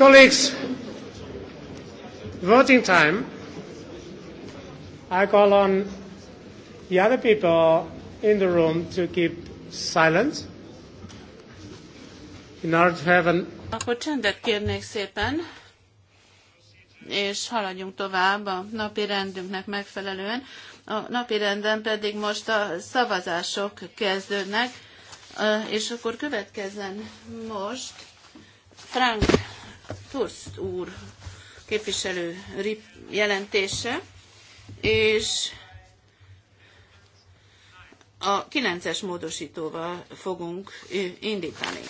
Colleagues, voting time. I call on the other people in the room to keep silent in order to have an akkor csendet kérnék szépen, és haladjunk tovább a napi rendünknek megfelelően. A napi renden pedig most a szavazások kezdődnek, és akkor következzen most Frank Tuszt úr képviselő jelentése, és a 9-es módosítóval fogunk indítani.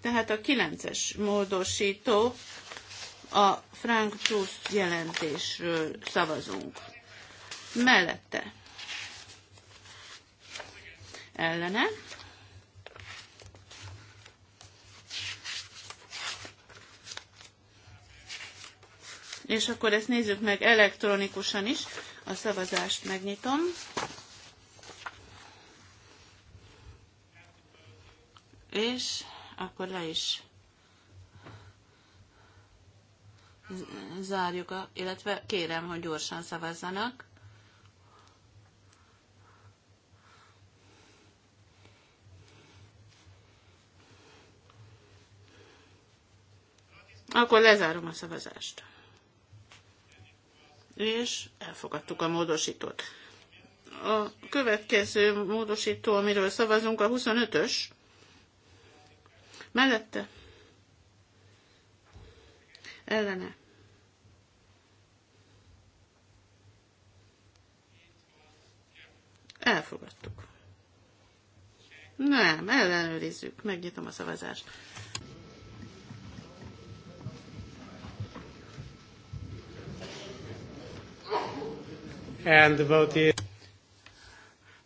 Tehát a 9-es módosító a Frank Tuszt jelentésről szavazunk. Mellette ellene És akkor ezt nézzük meg elektronikusan is. A szavazást megnyitom. És akkor le is zárjuk, a, illetve kérem, hogy gyorsan szavazzanak. Akkor lezárom a szavazást és elfogadtuk a módosítót. A következő módosító, amiről szavazunk, a 25-ös. Mellette. Ellene. Elfogadtuk. Nem, ellenőrizzük. Megnyitom a szavazást. And the vote is...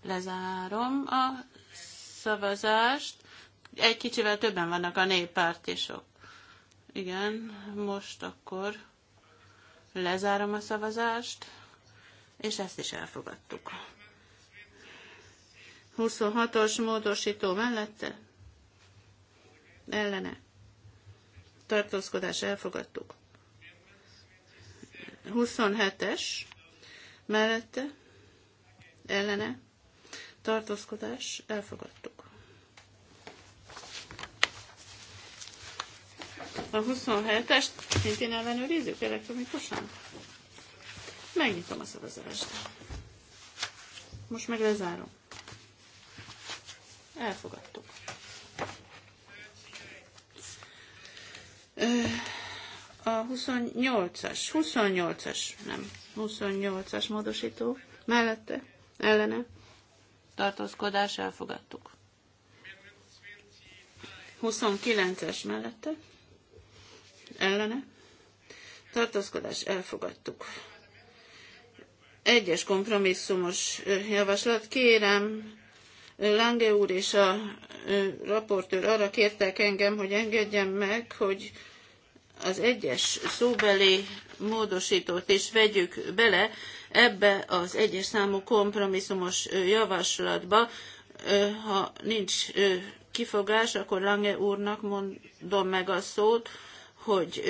Lezárom a szavazást. Egy kicsivel többen vannak a néppártisok. Igen, most akkor lezárom a szavazást, és ezt is elfogadtuk. 26-os módosító mellette ellene tartózkodás elfogadtuk. 27-es mellette, ellene, tartózkodás, elfogadtuk. A 27-est szintén ellenőrizzük elektronikusan? Megnyitom a szavazást. Most meg lezárom. Elfogadtuk a 28-as, 28-as, nem, 28-as módosító mellette, ellene tartózkodás elfogadtuk. 29-es mellette, ellene tartózkodás elfogadtuk. Egyes kompromisszumos javaslat, kérem, Lange úr és a raportőr arra kértek engem, hogy engedjem meg, hogy az egyes szóbeli módosítót is vegyük bele ebbe az egyes számú kompromisszumos javaslatba. Ha nincs kifogás, akkor Lange úrnak mondom meg a szót, hogy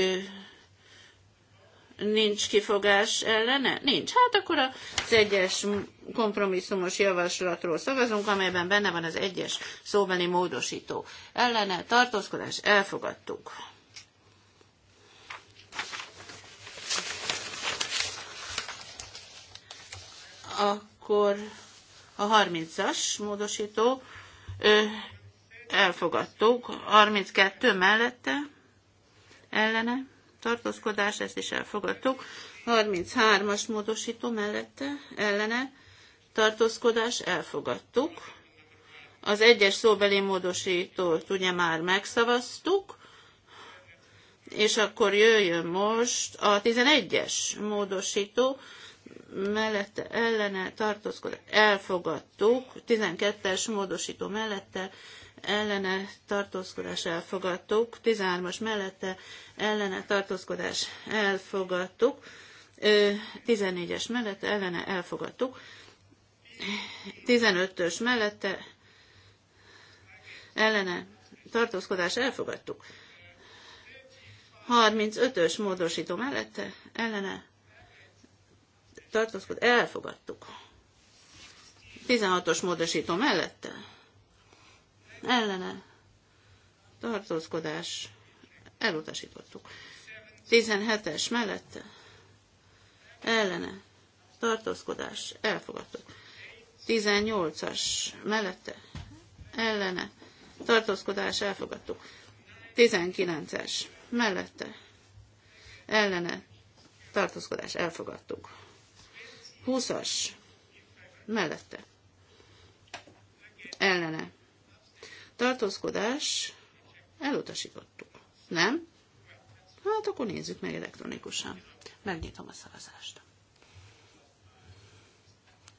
nincs kifogás ellene? Nincs. Hát akkor az egyes kompromisszumos javaslatról szavazunk, amelyben benne van az egyes szóbeli módosító. Ellene tartózkodás elfogadtuk. akkor a 30-as módosító ö, elfogadtuk, 32 mellette ellene tartózkodás, ezt is elfogadtuk, 33-as módosító mellette ellene tartózkodás, elfogadtuk. Az egyes szóbeli módosítót ugye már megszavaztuk, és akkor jöjjön most a 11-es módosító mellette ellene tartózkodás elfogadtuk, 12-es módosító mellette ellene tartózkodás elfogadtuk, 13-as mellette ellene tartózkodás elfogadtuk, 14-es mellette ellene elfogadtuk, 15-ös mellette ellene tartózkodás elfogadtuk, 35-ös módosító mellette ellene tartózkod, elfogadtuk. 16-os módosító mellette, ellene, tartózkodás, elutasítottuk. 17-es mellette, ellene, tartózkodás, elfogadtuk. 18-as mellette, ellene, tartózkodás, elfogadtuk. 19-es mellette, ellene, tartózkodás, elfogadtuk. 20-as mellette. Ellene. Tartózkodás elutasítottuk. Nem? Hát akkor nézzük meg elektronikusan. Megnyitom a szavazást.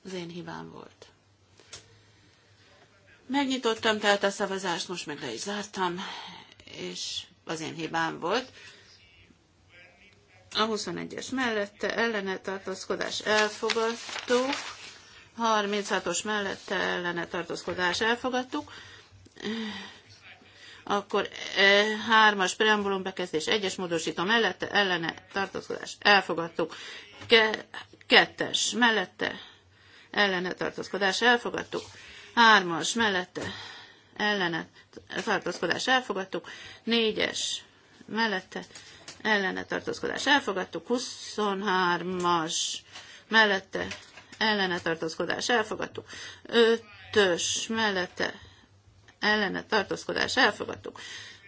Az én hibám volt. Megnyitottam tehát a szavazást, most meg le is zártam, és az én hibám volt a 21-es mellette ellene tartózkodás elfogadtuk, 36-os mellette ellene tartózkodás elfogadtuk, akkor e, hármas preambulum bekezdés, egyes módosító mellette ellene tartózkodás elfogadtuk, Ke, mellette ellene tartózkodás elfogadtuk, hármas mellette ellene tartózkodás elfogadtuk, 4-es mellette ellene tartózkodás elfogadtuk, 23-as mellette ellene tartózkodás elfogadtuk, 5-ös mellette ellene tartózkodás elfogadtuk,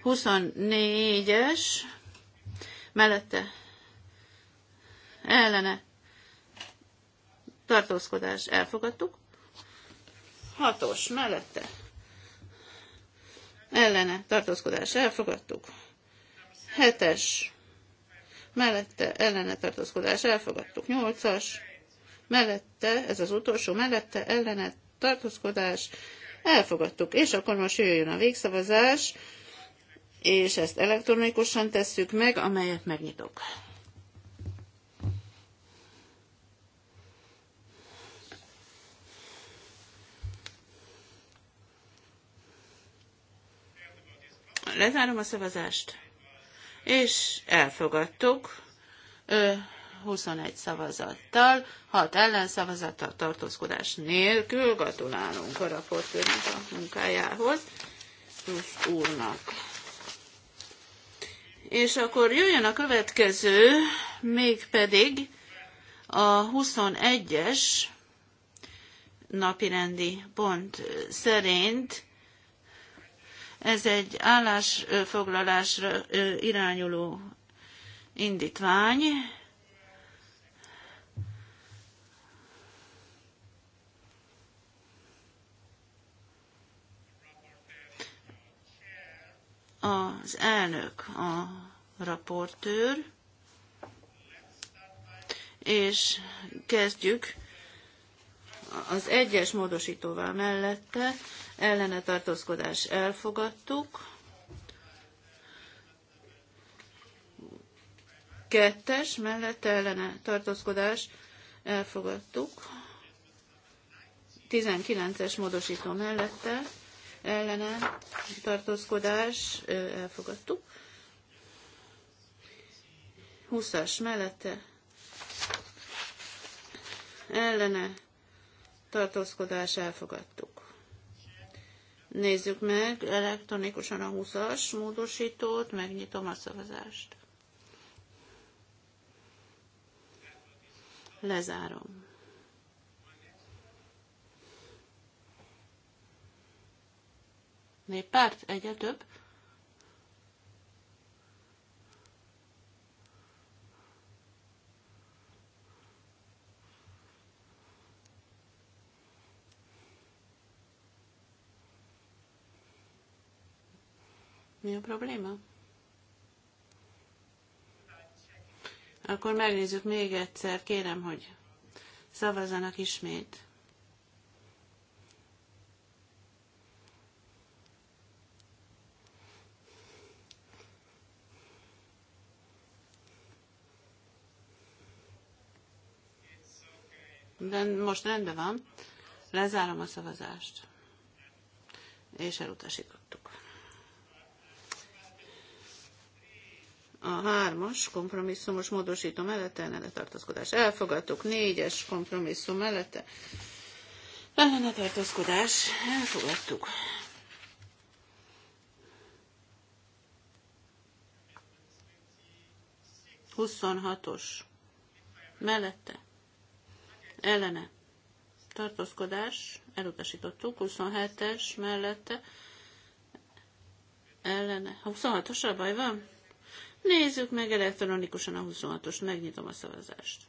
24-es mellette ellene tartózkodás elfogadtuk, 6-os mellette ellene tartózkodás elfogadtuk, 7-es mellette ellene tartózkodás elfogadtuk 8-as, mellette, ez az utolsó, mellette ellene tartózkodás elfogadtuk. És akkor most jöjjön a végszavazás, és ezt elektronikusan tesszük meg, amelyet megnyitok. Lezárom a szavazást és elfogadtuk 21 szavazattal, 6 ellenszavazattal tartózkodás nélkül. Gratulálunk a raportőrnek a munkájához, plusz úrnak. És akkor jöjjön a következő, mégpedig a 21-es napirendi pont szerint ez egy állásfoglalásra irányuló indítvány. Az elnök, a raportőr, és kezdjük az egyes módosítóval mellette ellene tartózkodás elfogadtuk. Kettes mellette ellene tartózkodás elfogadtuk. 19-es módosító mellette ellene tartózkodás elfogadtuk. 20-as mellette ellene tartózkodás elfogadtuk. Nézzük meg elektronikusan a 20-as módosítót, megnyitom a szavazást. Lezárom. Néppárt egyre több. Mi a probléma? Akkor megnézzük még egyszer, kérem, hogy szavazzanak ismét. De most rendben van. Lezárom a szavazást. És elutasítottuk. a hármas kompromisszumos módosító mellette ellene tartózkodás elfogadtuk, négyes kompromisszum mellette ellene tartózkodás elfogadtuk. Huszonhatos mellette ellene tartózkodás elutasítottuk, 27-es mellette ellene. 26-osra baj van? Nézzük meg elektronikusan a 26-os, megnyitom a szavazást.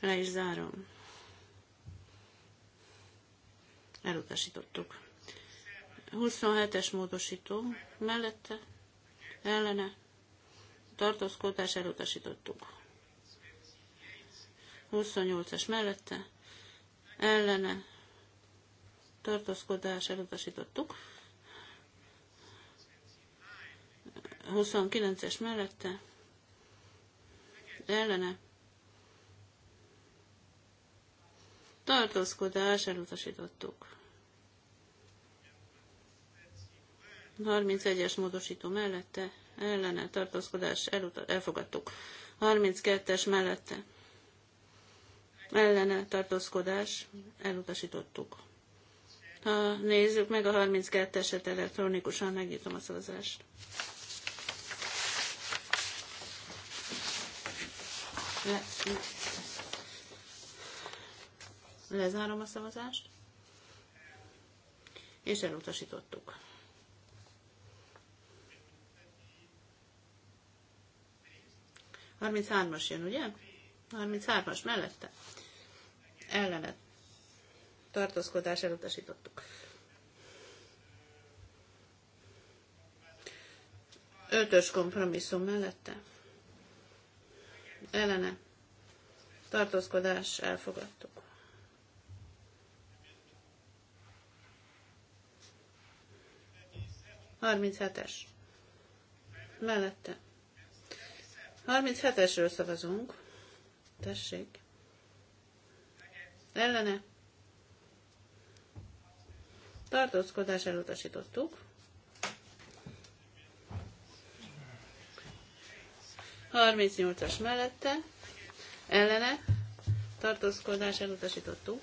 Le is zárom. Elutasítottuk. 27-es módosító mellette, ellene, tartózkodás elutasítottuk. 28-es mellette, ellene, tartózkodás elutasítottuk. 29-es mellette ellene tartózkodás elutasítottuk. 31-es módosító mellette ellene tartózkodás elfogadtuk. 32-es mellette ellene tartózkodás elutasítottuk. Ha nézzük meg a 32-eset elektronikusan, megnyitom a szavazást. Le, lezárom a szavazást, és elutasítottuk. Harminc hármas jön, ugye? Harminc hármas mellette. Ellenet. Tartózkodás elutasítottuk. Ötös kompromisszum mellette ellene tartózkodás elfogadtuk. hetes. Mellette. 37-esről szavazunk. Tessék. Ellene. Tartózkodás elutasítottuk. 38-as mellette, ellene, tartózkodás elutasítottuk.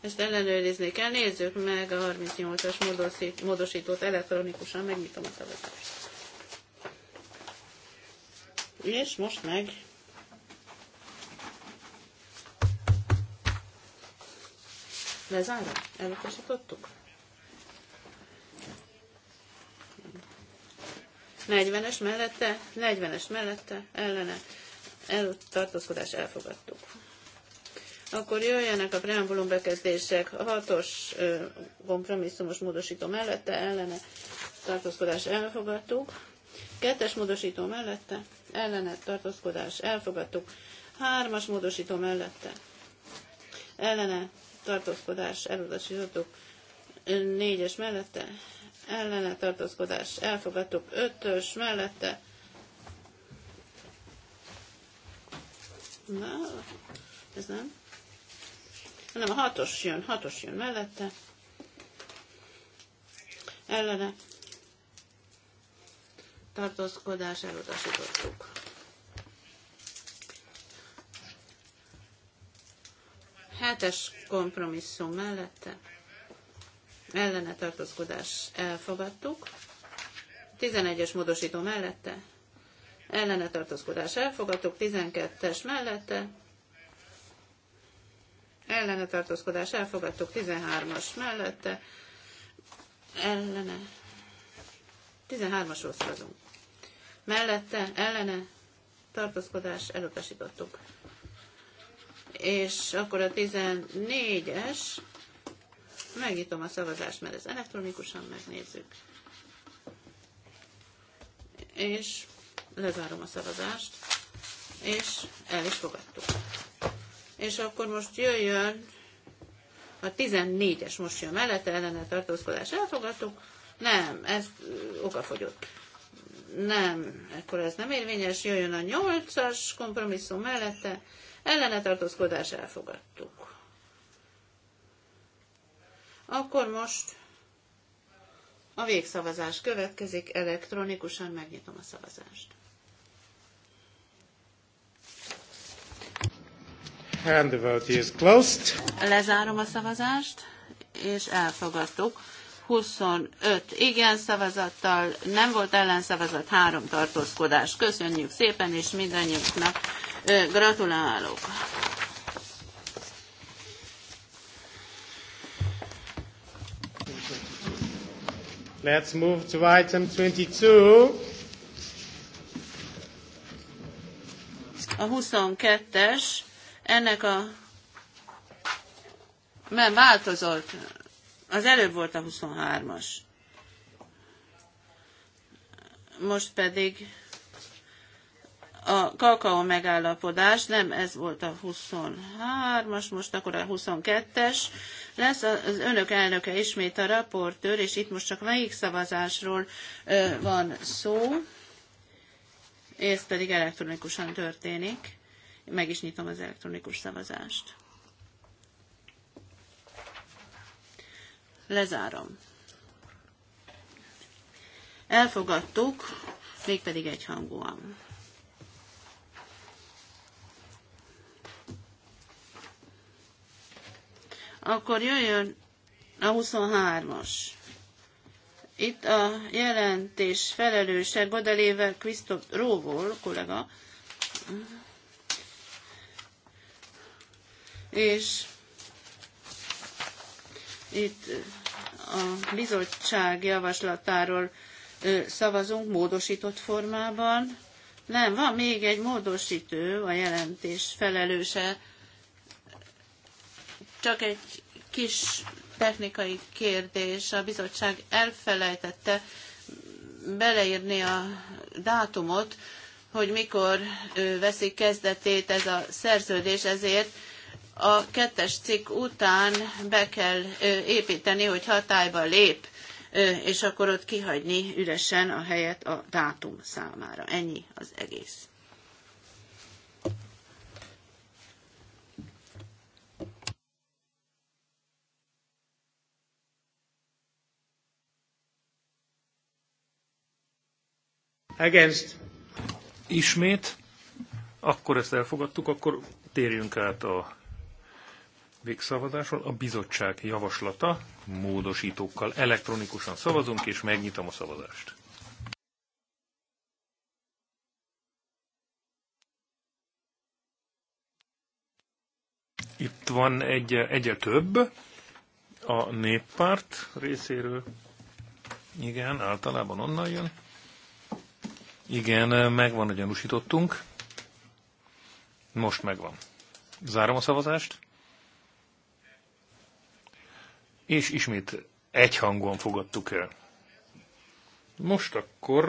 Ezt ellenőrizni kell. Nézzük meg a 38-as módosítót elektronikusan, megnyitom a szavazást. És most meg lezárom. Elutasítottuk. 40-es mellette, 40-es mellette, ellene, előtt tartózkodás elfogadtuk. Akkor jöjjenek a preambulum bekezdések, a hatos kompromisszumos módosító mellette, ellene, tartózkodás elfogadtuk. Kettes módosító mellette, ellene, tartózkodás elfogadtuk. Hármas módosító mellette, ellene, tartózkodás elutasítottuk. Négyes mellette, ellene tartózkodás elfogadtuk, ötös mellette. Na, ez nem. hanem a hatos jön, hatos jön mellette. Ellene tartózkodás elutasítottuk. Hetes kompromisszum mellette ellene tartózkodás elfogadtuk. 11-es módosító mellette ellene tartózkodás elfogadtuk, 12-es mellette ellene tartózkodás elfogadtuk, 13-as mellette ellene 13-asról szavazunk. Mellette ellene tartózkodás elutasítottuk. És akkor a 14-es Megnyitom a szavazást, mert ez elektronikusan megnézzük. És lezárom a szavazást, és el is fogadtuk. És akkor most jöjjön a 14-es most jön mellette, ellene tartózkodás elfogadtuk. Nem, ez okafogyott. Nem, akkor ez nem érvényes, jöjjön a 8-as kompromisszum mellette, ellene tartózkodás elfogadtuk. Akkor most a végszavazás következik, elektronikusan megnyitom a szavazást. And the vote is closed. Lezárom a szavazást, és elfogadtuk. 25 igen szavazattal, nem volt ellenszavazat, három tartózkodás. Köszönjük szépen, és mindannyiuknak gratulálok! Let's move to item 22. A 22-es, ennek a... Mert változott. Az előbb volt a 23-as. Most pedig a kakaó megállapodás, nem ez volt a 23-as, most akkor a 22-es, lesz az önök elnöke ismét a raportőr, és itt most csak melyik szavazásról ö, van szó, és pedig elektronikusan történik. Meg is nyitom az elektronikus szavazást. Lezárom. Elfogadtuk, mégpedig egyhangúan. Akkor jöjjön a 23-as. Itt a jelentés felelőse Godelével Krisztop Róvól, kollega, és itt a bizottság javaslatáról szavazunk módosított formában. Nem, van még egy módosítő, a jelentés felelőse csak egy kis technikai kérdés. A bizottság elfelejtette beleírni a dátumot, hogy mikor veszik kezdetét ez a szerződés, ezért a kettes cikk után be kell építeni, hogy hatályba lép, és akkor ott kihagyni üresen a helyet a dátum számára. Ennyi az egész. Against. Ismét. Akkor ezt elfogadtuk, akkor térjünk át a végszavazásról. A bizottság javaslata módosítókkal elektronikusan szavazunk, és megnyitom a szavazást. Itt van egy, egyre több a néppárt részéről. Igen, általában onnan jön. Igen, megvan, hogy gyanúsítottunk. Most megvan. Zárom a szavazást. És ismét hangon fogadtuk el. Most akkor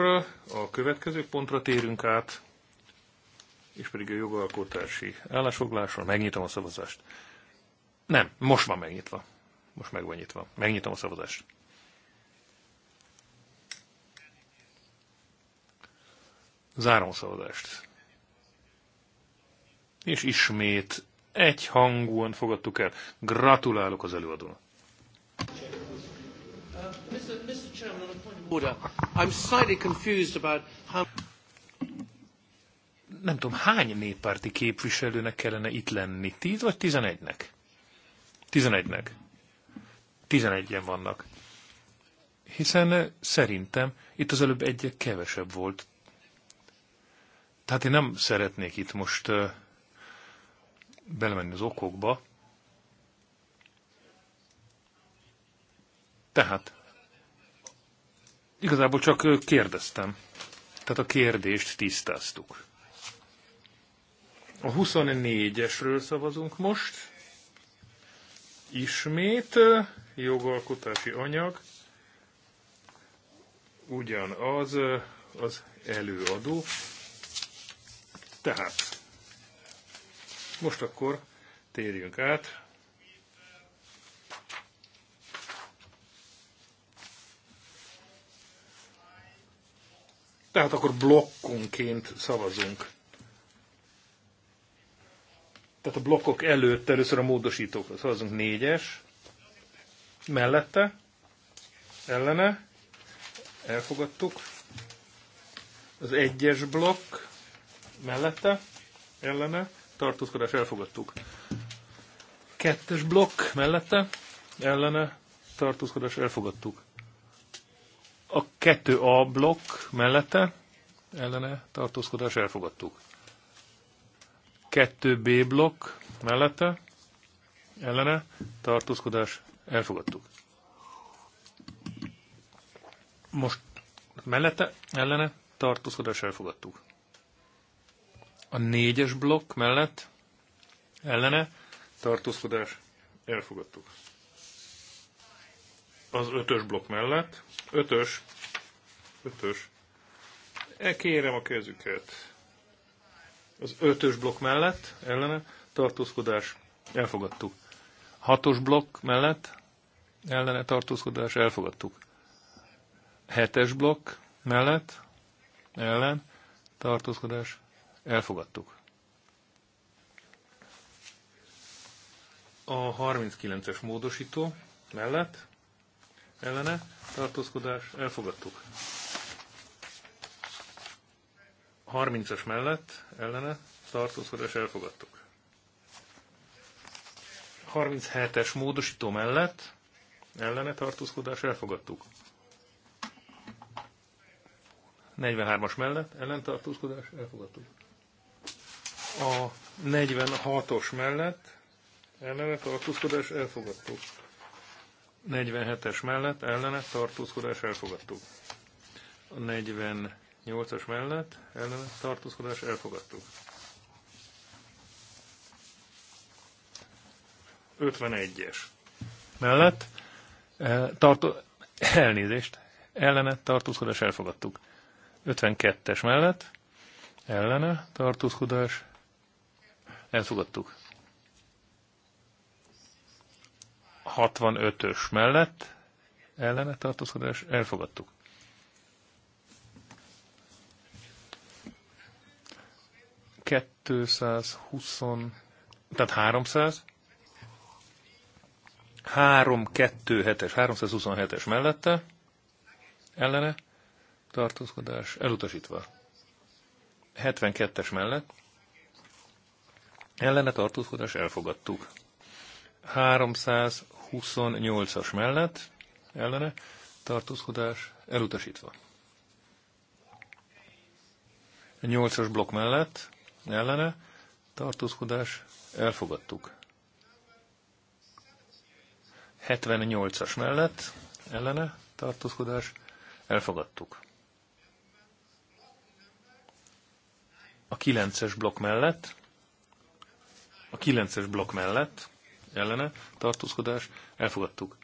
a következő pontra térünk át, és pedig a jogalkotási állásfoglalásról megnyitom a szavazást. Nem, most van megnyitva. Most meg van nyitva. Megnyitom a szavazást. Zárom szavazást. És ismét egy hangúan fogadtuk el. Gratulálok az előadónak. Nem tudom, hány néppárti képviselőnek kellene itt lenni? tíz vagy tizenegynek tizenegynek Tizenegyen vannak. Hiszen eh, szerintem itt az előbb egyek kevesebb volt, tehát én nem szeretnék itt most belemenni az okokba. Tehát igazából csak kérdeztem. Tehát a kérdést tisztáztuk. A 24-esről szavazunk most. Ismét jogalkotási anyag. Ugyanaz az előadó. Tehát, most akkor térjünk át Tehát akkor blokkonként szavazunk. Tehát a blokkok előtt először a módosítókra szavazunk négyes, mellette, ellene, elfogadtuk. Az egyes blokk, mellette, ellene, tartózkodás elfogadtuk. Kettes blokk mellette, ellene, tartózkodás elfogadtuk. A kettő a blokk mellette, ellene, tartózkodás elfogadtuk. Kettő b blokk mellette, ellene, tartózkodás elfogadtuk. Most mellette, ellene, tartózkodás elfogadtuk. A négyes blokk mellett ellene tartózkodás elfogadtuk. Az ötös blokk mellett, ötös, ötös, e kérem a kezüket. Az ötös blokk mellett ellene tartózkodás elfogadtuk. Hatos blokk mellett ellene tartózkodás elfogadtuk. Hetes blokk mellett ellen tartózkodás Elfogadtuk. A 39-es módosító mellett ellene tartózkodás elfogadtuk. 30-as mellett ellene tartózkodás elfogadtuk. 37-es módosító mellett ellene tartózkodás elfogadtuk. 43-as mellett ellentartózkodás elfogadtuk a 46-os mellett ellene tartózkodás elfogadtuk. 47-es mellett ellene tartózkodás elfogadtuk. A 48-as mellett ellene tartózkodás elfogadtuk. 51-es mellett eh, tartó, elnézést, ellene tartózkodás elfogadtuk. 52-es mellett ellene tartózkodás Elfogadtuk. 65-ös mellett ellene tartózkodás. Elfogadtuk. huszon, tehát 300, 327-es, 327-es mellette, ellene, tartózkodás, elutasítva. 72-es mellett, ellene tartózkodás elfogadtuk. 328-as mellett ellene tartózkodás elutasítva. 8-as blokk mellett ellene tartózkodás elfogadtuk. 78-as mellett ellene tartózkodás elfogadtuk. A 9-es blokk mellett a 9-es blokk mellett ellene tartózkodás elfogadtuk.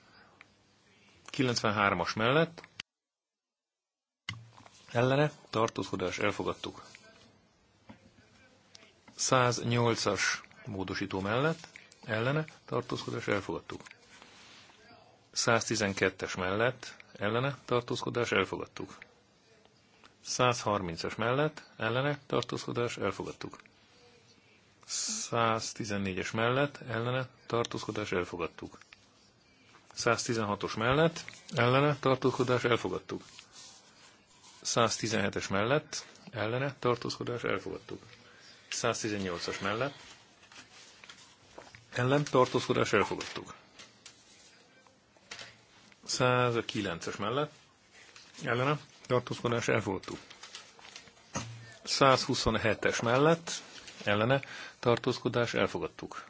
93-as mellett ellene tartózkodás elfogadtuk. 108-as módosító mellett ellene tartózkodás elfogadtuk. 112-es mellett ellene tartózkodás elfogadtuk. 130-es mellett ellene tartózkodás elfogadtuk. 114-es mellett ellene tartózkodás elfogadtuk. 116-os mellett ellene tartózkodás elfogadtuk. 117-es mellett ellene tartózkodás elfogadtuk. 118-as mellett ellen tartózkodás elfogadtuk. 109-es mellett ellene tartózkodás elfogadtuk. 127-es mellett ellene tartózkodás, elfogadtuk.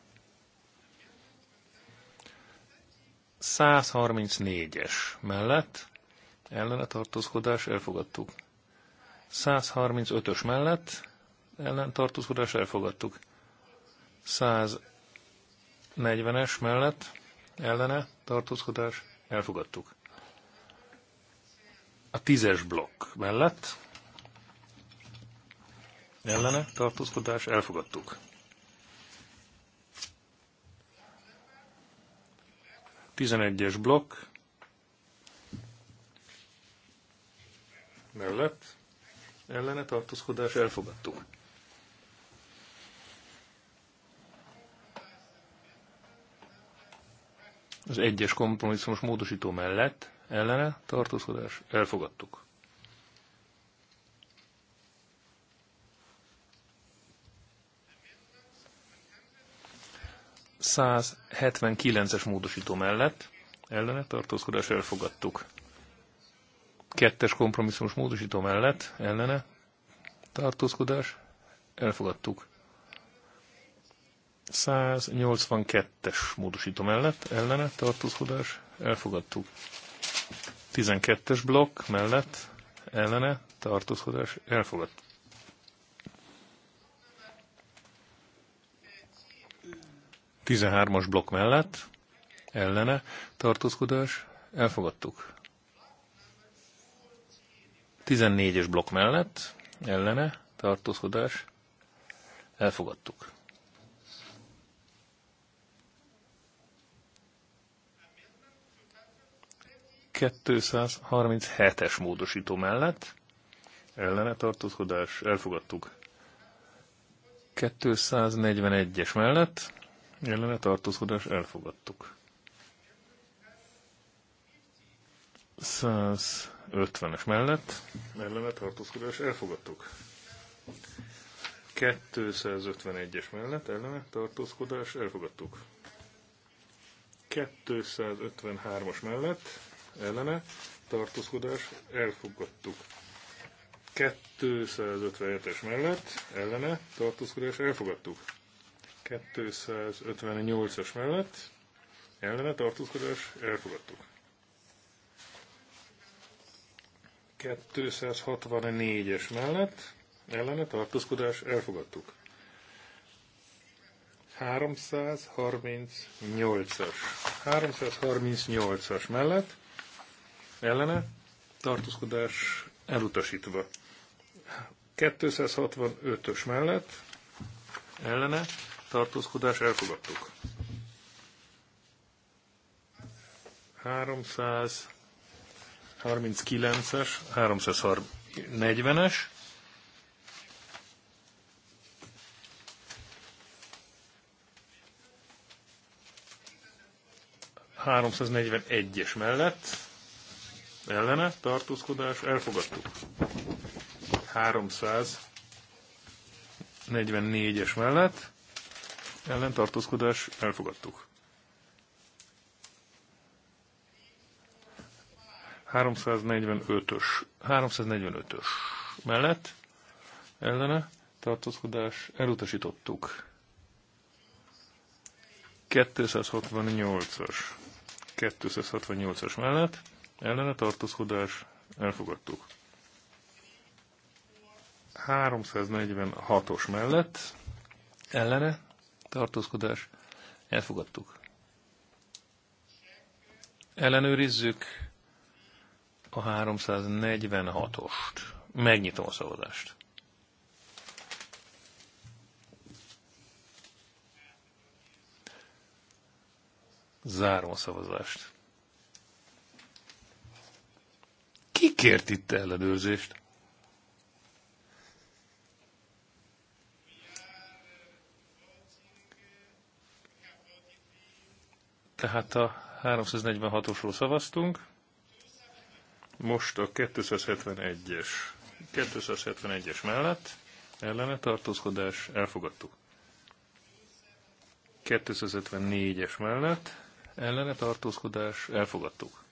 134-es mellett ellene tartózkodás elfogadtuk. 135-ös mellett ellen tartózkodás elfogadtuk. 140-es mellett ellene tartózkodás elfogadtuk. A 10-es blokk mellett ellene tartózkodás elfogadtuk. 11-es blokk mellett ellene tartózkodás elfogadtuk. Az egyes kompromisszumos módosító mellett ellene tartózkodás elfogadtuk. 179-es módosító mellett ellene tartózkodás elfogadtuk. Kettes kompromisszumos módosító mellett ellene tartózkodás elfogadtuk. 182-es módosító mellett ellene tartózkodás elfogadtuk. 12-es blokk mellett ellene tartózkodás elfogadtuk. 13-as blokk mellett ellene tartózkodás elfogadtuk. 14-es blokk mellett ellene tartózkodás elfogadtuk. ...237-es módosító mellett ellene tartózkodás elfogadtuk. 241-es mellett ellene tartózkodás elfogadtuk. 150-es mellett ellene tartózkodás elfogadtuk. 251-es mellett ellene tartózkodás elfogadtuk. 253-as mellett ellene tartózkodás elfogadtuk. 257-es mellett ellene tartózkodás elfogadtuk. 258-as mellett ellene tartózkodás elfogadtuk. 264-es mellett ellene tartózkodás elfogadtuk. 338-as. 338-as mellett ellene tartózkodás elutasítva. 265-ös mellett ellene tartózkodás elfogadtuk. 339-es, 340-es. es mellett ellene tartózkodás elfogadtuk. 344-es mellett ellentartózkodás elfogadtuk. 345-ös, 345-ös mellett ellene tartózkodás elutasítottuk. 268-as, 268-as mellett ellene tartózkodás elfogadtuk. 346-os mellett ellene tartózkodás, elfogadtuk. Ellenőrizzük a 346-ost. Megnyitom a szavazást. Zárom a szavazást. Ki kért itt ellenőrzést? Tehát a 346-osról szavaztunk, most a 271-es. 271-es mellett ellene tartózkodás elfogadtuk. 254-es mellett ellene tartózkodás elfogadtuk.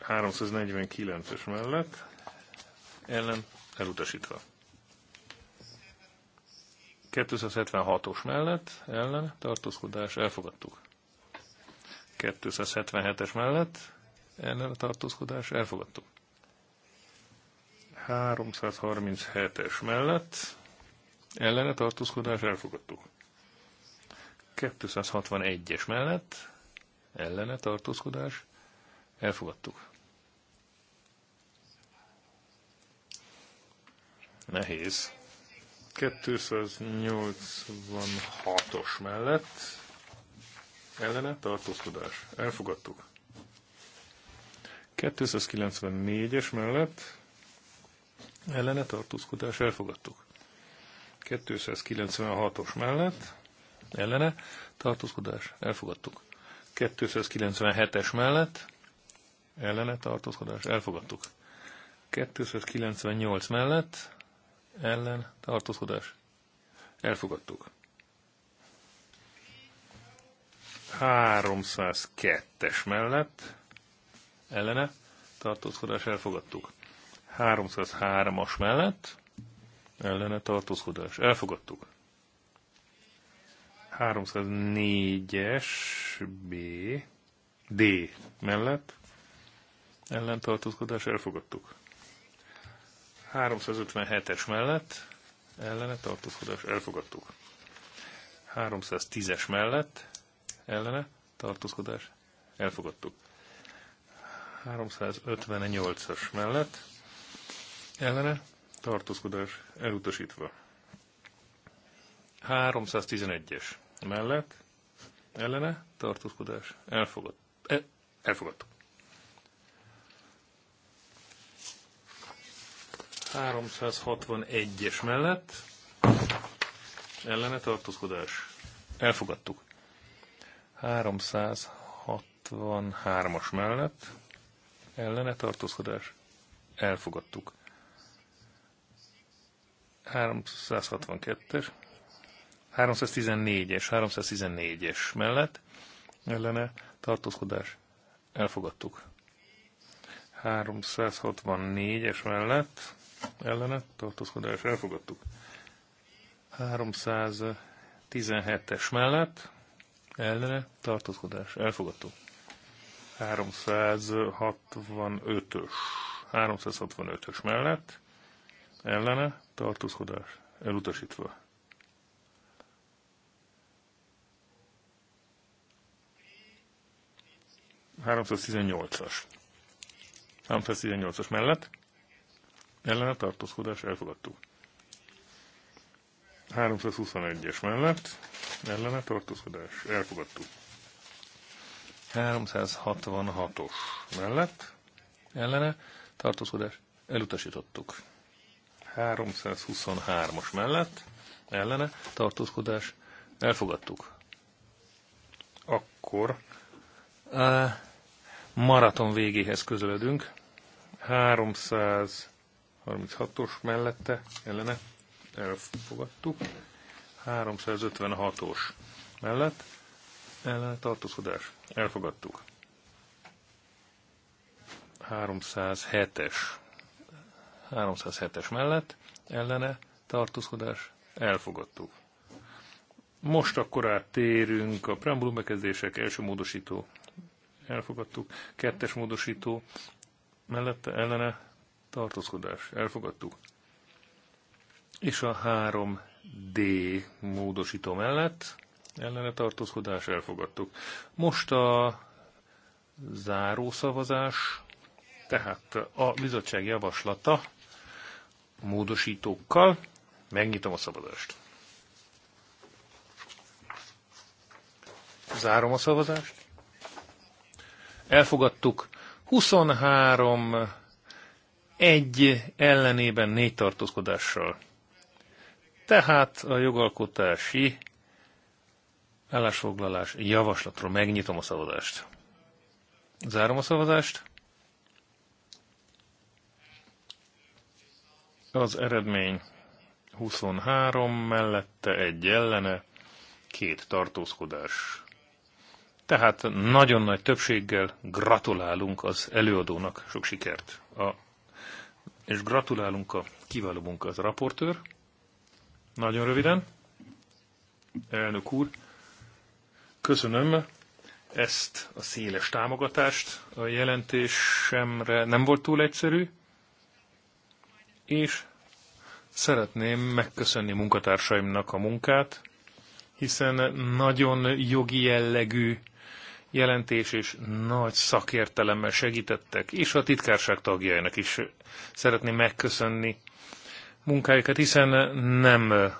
349-es mellett ellen elutasítva. 276-os mellett ellen tartózkodás elfogadtuk. 277-es mellett ellen tartózkodás elfogadtuk. 337-es mellett ellene tartózkodás elfogadtuk. 261-es mellett ellene tartózkodás elfogadtuk. Nehéz. 286-os mellett ellene tartózkodás. Elfogadtuk. 294-es mellett ellene tartózkodás. Elfogadtuk. 296-os mellett ellene tartózkodás. Elfogadtuk. 297-es mellett ellene tartózkodás. Elfogadtuk. 298 mellett ellen tartózkodás elfogadtuk. 302-es mellett ellene tartózkodás elfogadtuk. 303-as mellett ellene tartózkodás elfogadtuk. 304-es B D mellett ellentartózkodás elfogadtuk. 357-es mellett ellene tartózkodás elfogadtuk. 310-es mellett ellene tartózkodás elfogadtuk. 358-as mellett ellene tartózkodás elutasítva. 311-es mellett ellene tartózkodás elfogad, e, elfogadtuk. 361-es mellett ellene tartózkodás. Elfogadtuk. 363-as mellett ellene tartózkodás. Elfogadtuk. 362-es, 314-es, 314-es mellett ellene tartózkodás. Elfogadtuk. 364-es mellett ellene tartózkodás elfogadtuk. 317-es mellett ellene tartózkodás elfogadtuk. 365-ös 365-ös mellett ellene tartózkodás elutasítva. 318 as 318-as mellett ellene tartózkodás elfogadtuk. 321-es mellett ellene tartózkodás elfogadtuk. 366-os mellett ellene tartózkodás elutasítottuk. 323-as mellett ellene tartózkodás elfogadtuk. Akkor a eh, maraton végéhez közeledünk. 300 36-os mellette ellene elfogadtuk. 356-os mellett ellene tartózkodás elfogadtuk. 307-es 307-es mellett ellene tartózkodás elfogadtuk. Most akkor áttérünk a preambulum bekezdések első módosító elfogadtuk, kettes módosító mellette ellene tartózkodás, elfogadtuk. És a 3D módosító mellett ellene tartózkodás, elfogadtuk. Most a zárószavazás, tehát a bizottság javaslata módosítókkal, megnyitom a szavazást. Zárom a szavazást. Elfogadtuk 23 egy ellenében négy tartózkodással. Tehát a jogalkotási állásfoglalás javaslatról megnyitom a szavazást. Zárom a szavazást. Az eredmény 23 mellette egy ellene, két tartózkodás. Tehát nagyon nagy többséggel gratulálunk az előadónak, sok sikert a és gratulálunk a kiváló munkát, a raportőr. Nagyon röviden, elnök úr, köszönöm ezt a széles támogatást. A jelentésemre nem volt túl egyszerű, és szeretném megköszönni munkatársaimnak a munkát, hiszen nagyon jogi jellegű jelentés, és nagy szakértelemmel segítettek, és a titkárság tagjainak is szeretném megköszönni munkájukat, hiszen nem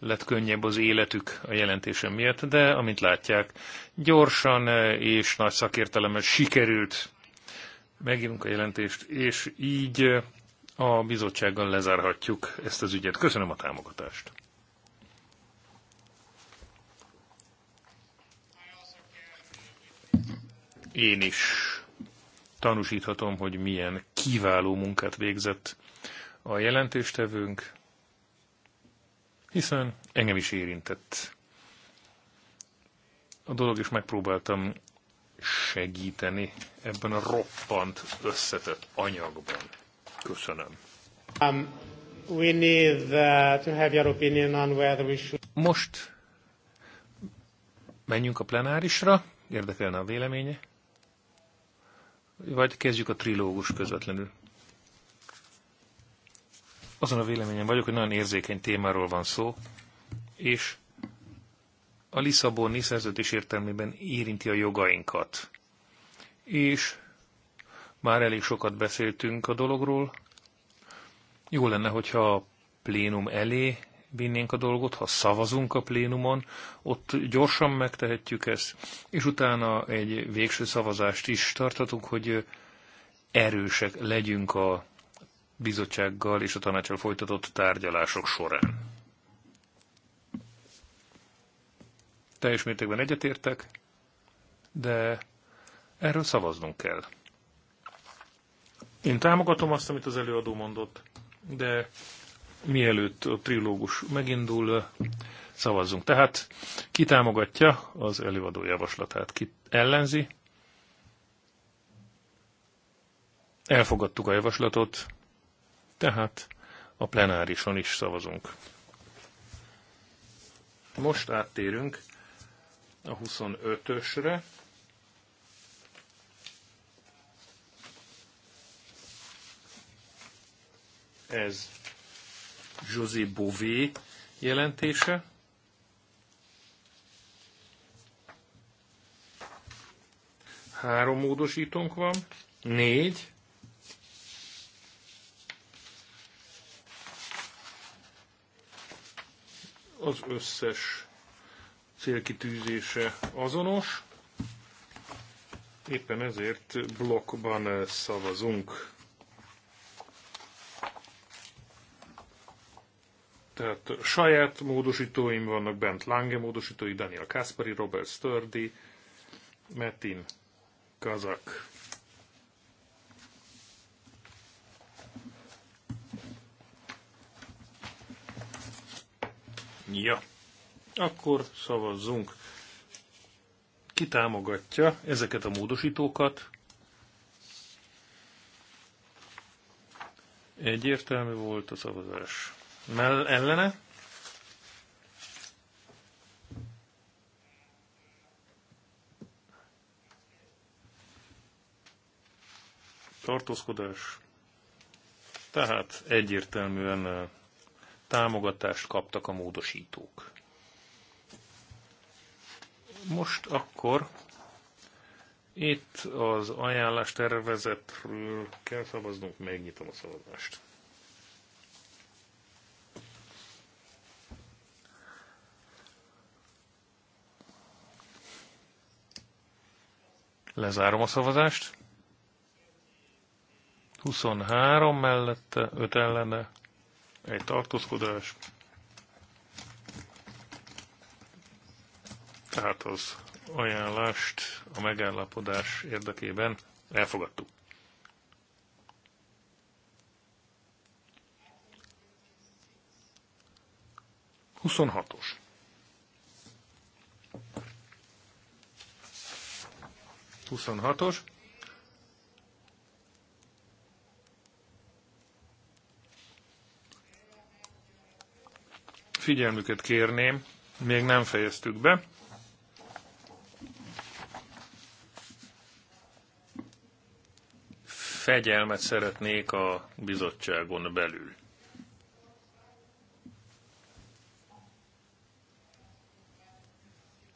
lett könnyebb az életük a jelentésem miatt, de amint látják, gyorsan és nagy szakértelemmel sikerült megírunk a jelentést, és így a bizottsággal lezárhatjuk ezt az ügyet. Köszönöm a támogatást! én is tanúsíthatom, hogy milyen kiváló munkát végzett a jelentéstevőnk, hiszen engem is érintett a dolog, és megpróbáltam segíteni ebben a roppant összetett anyagban. Köszönöm. Um, we need uh, to have your opinion on whether we should... Most menjünk a plenárisra, érdekelne a véleménye. Vagy kezdjük a trilógus közvetlenül. Azon a véleményen vagyok, hogy nagyon érzékeny témáról van szó, és a Lisszaboni szerződés értelmében érinti a jogainkat. És már elég sokat beszéltünk a dologról. Jó lenne, hogyha a plénum elé vinnénk a dolgot, ha szavazunk a plénumon, ott gyorsan megtehetjük ezt, és utána egy végső szavazást is tartatunk, hogy erősek legyünk a bizottsággal és a tanácsal folytatott tárgyalások során. Teljes mértékben egyetértek, de erről szavaznunk kell. Én támogatom azt, amit az előadó mondott, de mielőtt a trilógus megindul, szavazzunk. Tehát ki támogatja az előadó javaslatát, ki ellenzi. Elfogadtuk a javaslatot, tehát a plenárison is szavazunk. Most áttérünk a 25-ösre. Ez José Bové jelentése. Három módosítónk van. Négy. Az összes célkitűzése azonos. Éppen ezért blokkban szavazunk. Tehát saját módosítóim vannak bent, Lange módosítói, Daniel Kaspari, Robert Sturdy, Metin Kazak. Ja, akkor szavazzunk. Ki támogatja ezeket a módosítókat? Egyértelmű volt a szavazás mell ellene. Tartózkodás. Tehát egyértelműen támogatást kaptak a módosítók. Most akkor itt az tervezetről kell szavaznunk, megnyitom a szavazást. Lezárom a szavazást. 23 mellette, 5 ellene, egy tartózkodás. Tehát az ajánlást a megállapodás érdekében elfogadtuk. Huszonhatos. 26-os. Figyelmüket kérném, még nem fejeztük be. Fegyelmet szeretnék a bizottságon belül.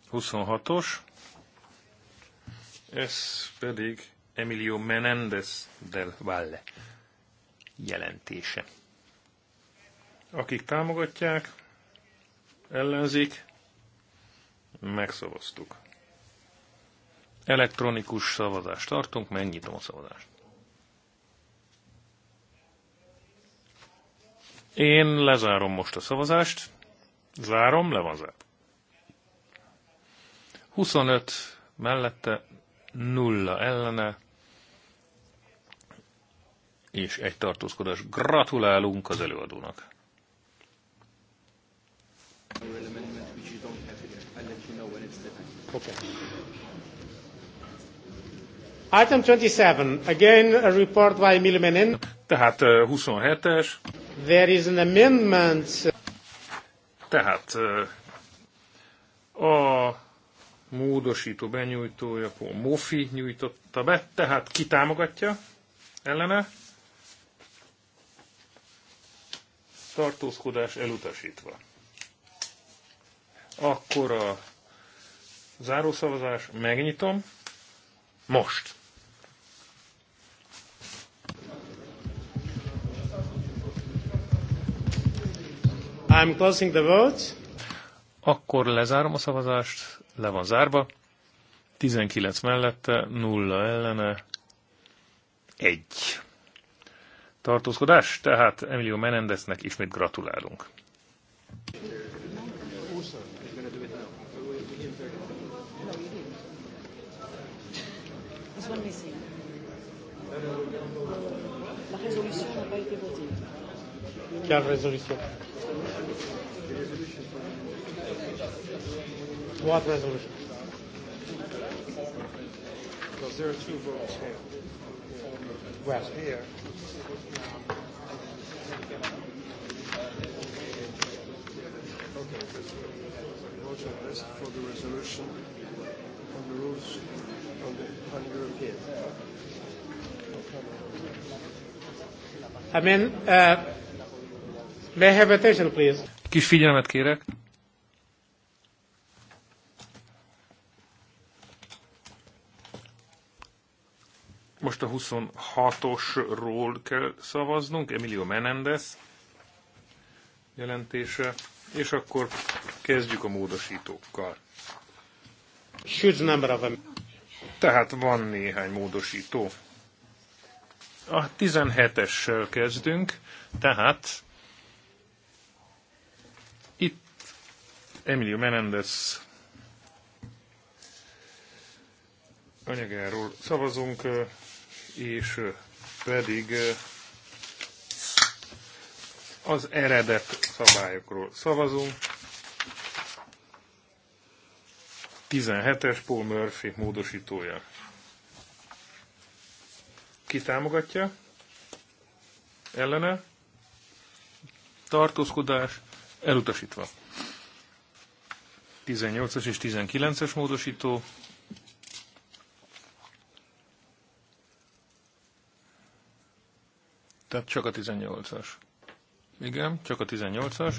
Huszonhatos. Ez pedig Emilio Menendez del Valle jelentése. Akik támogatják, ellenzik, megszavaztuk. Elektronikus szavazást tartunk, megnyitom a szavazást. Én lezárom most a szavazást. Zárom, le van zárt. 25 mellette nulla ellene, és egy tartózkodás. Gratulálunk az előadónak! Okay. Item 27, again a report by Milmenin. Tehát 27-es. There is an amendment. Tehát a módosító benyújtója, a Mofi nyújtotta be, tehát ki támogatja ellene? Tartózkodás elutasítva. Akkor a zárószavazás, megnyitom, most. I'm closing the vote. Akkor lezárom a szavazást, le van zárva, 19 mellette, 0 ellene, 1 tartózkodás, tehát Emilio Menendeznek ismét gratulálunk. La résolution Quelle résolution What resolution? Because there are two votes here. Well, Here. Okay. Vote on this for the resolution on the rules on the pan-European. I mean, uh, may I have attention, please? Kis figyelmet kérek. Most a 26-osról kell szavaznunk, Emilio Menendez jelentése, és akkor kezdjük a módosítókkal. Huge nem of Tehát van néhány módosító. A 17-essel kezdünk, tehát itt Emilio Menendez anyagáról szavazunk, és pedig az eredet szabályokról szavazunk. 17-es Paul Murphy módosítója. Ki támogatja? Ellene? Tartózkodás? Elutasítva. 18-as és 19-es módosító Tehát csak a 18-as. Igen, csak a 18-as.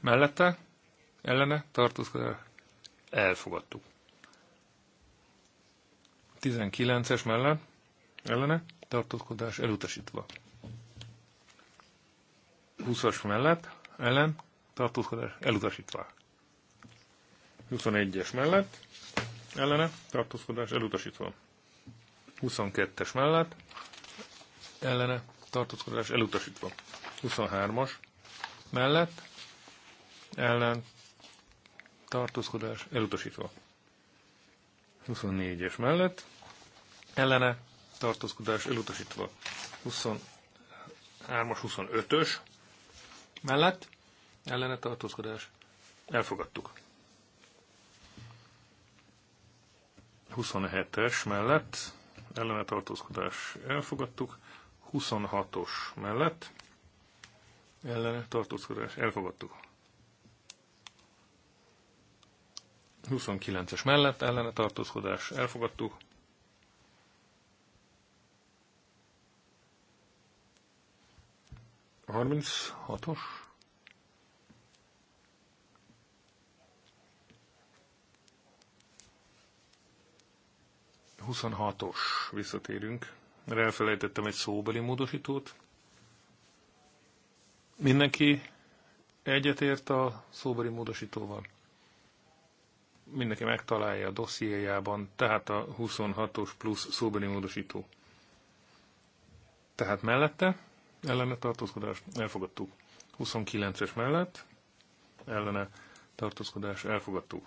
Mellette, ellene, tartózkodás, elfogadtuk. 19-es mellett, ellene, tartózkodás elutasítva. 20-as mellett, ellen, tartózkodás elutasítva. 21-es mellett, ellene, tartózkodás elutasítva. 22-es mellett, ellene tartózkodás elutasítva. 23-as mellett ellen tartózkodás elutasítva. 24-es mellett ellene tartózkodás elutasítva. 23-as, 25-ös mellett ellene tartózkodás elfogadtuk. 27-es mellett ellene tartózkodás elfogadtuk. 26-os mellett ellene tartózkodás elfogadtuk. 29-es mellett ellene tartózkodás elfogadtuk. 36-os. Huszonhatos visszatérünk mert elfelejtettem egy szóbeli módosítót. Mindenki egyetért a szóbeli módosítóval. Mindenki megtalálja a dossziéjában, tehát a 26-os plusz szóbeli módosító. Tehát mellette ellene tartózkodás elfogadtuk. 29-es mellett ellene tartózkodás elfogadtuk.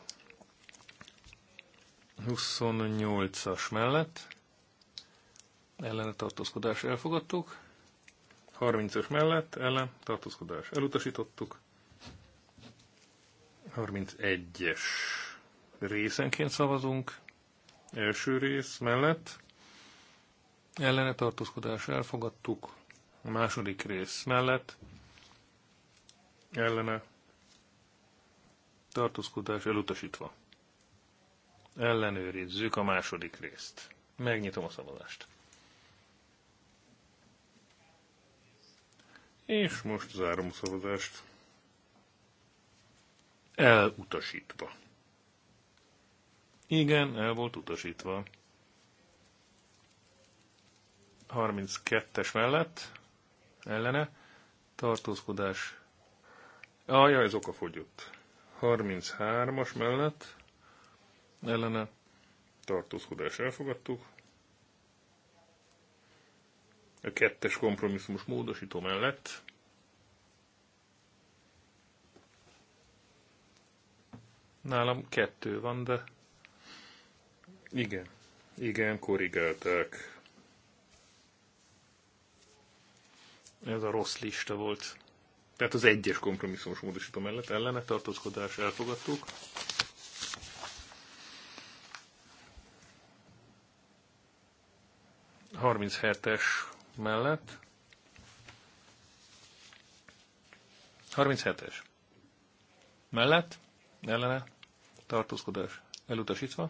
28-as mellett ellene tartózkodás elfogadtuk, 30-as mellett ellen tartózkodás elutasítottuk, 31-es részenként szavazunk, első rész mellett ellene tartózkodás elfogadtuk, a második rész mellett ellene tartózkodás elutasítva. Ellenőrizzük a második részt. Megnyitom a szavazást. És most zárom a szavazást. Elutasítva. Igen, el volt utasítva. 32-es mellett, ellene, tartózkodás. Ajaj, ez okafogyott. 33-as mellett, ellene, tartózkodás elfogadtuk a kettes kompromisszumos módosító mellett. Nálam kettő van, de... Igen, igen, korrigálták. Ez a rossz lista volt. Tehát az egyes kompromisszumos módosító mellett ellene tartózkodás elfogadtuk. A 37-es mellett. 37-es. Mellett, ellene, tartózkodás elutasítva.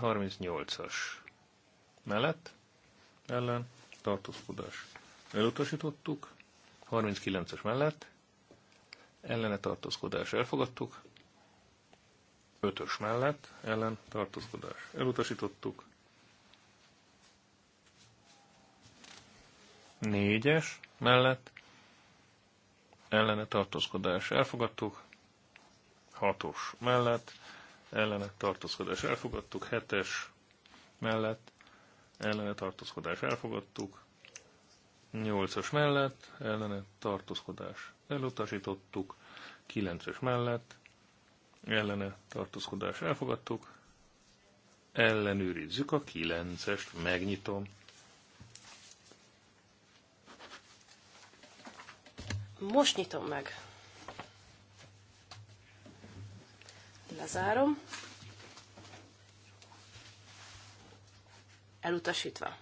38-as. Mellett, ellen, tartózkodás elutasítottuk. 39-es mellett, ellene tartózkodás elfogadtuk. 5-ös mellett, ellen tartózkodás elutasítottuk. négyes mellett ellene tartózkodás elfogadtuk, hatos mellett ellene tartózkodás elfogadtuk, hetes mellett ellene tartózkodás elfogadtuk, nyolcas mellett ellene tartózkodás elutasítottuk, kilences mellett ellene tartózkodás elfogadtuk, ellenőrizzük a kilencest, megnyitom. Most nyitom meg. Lezárom. Elutasítva.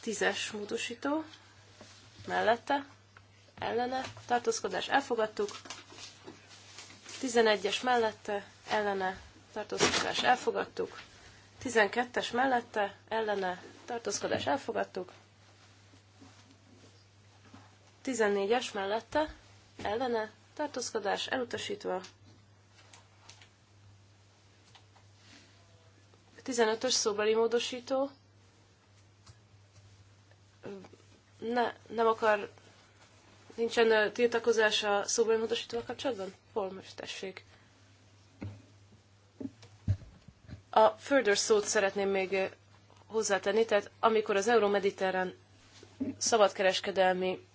Tízes módosító. Mellette. Ellene. Tartózkodás elfogadtuk. Tizenegyes mellette, ellene, tartózkodás elfogadtuk. Tizenkettes mellette, ellene, tartózkodás elfogadtuk. 14-es mellette, ellene, tartózkodás elutasítva. 15-ös szóbeli módosító. Ne, nem akar, nincsen tiltakozás a szóbeli módosítóval kapcsolatban? most tessék. A further szót szeretném még hozzátenni, tehát amikor az euró-mediterrán szabadkereskedelmi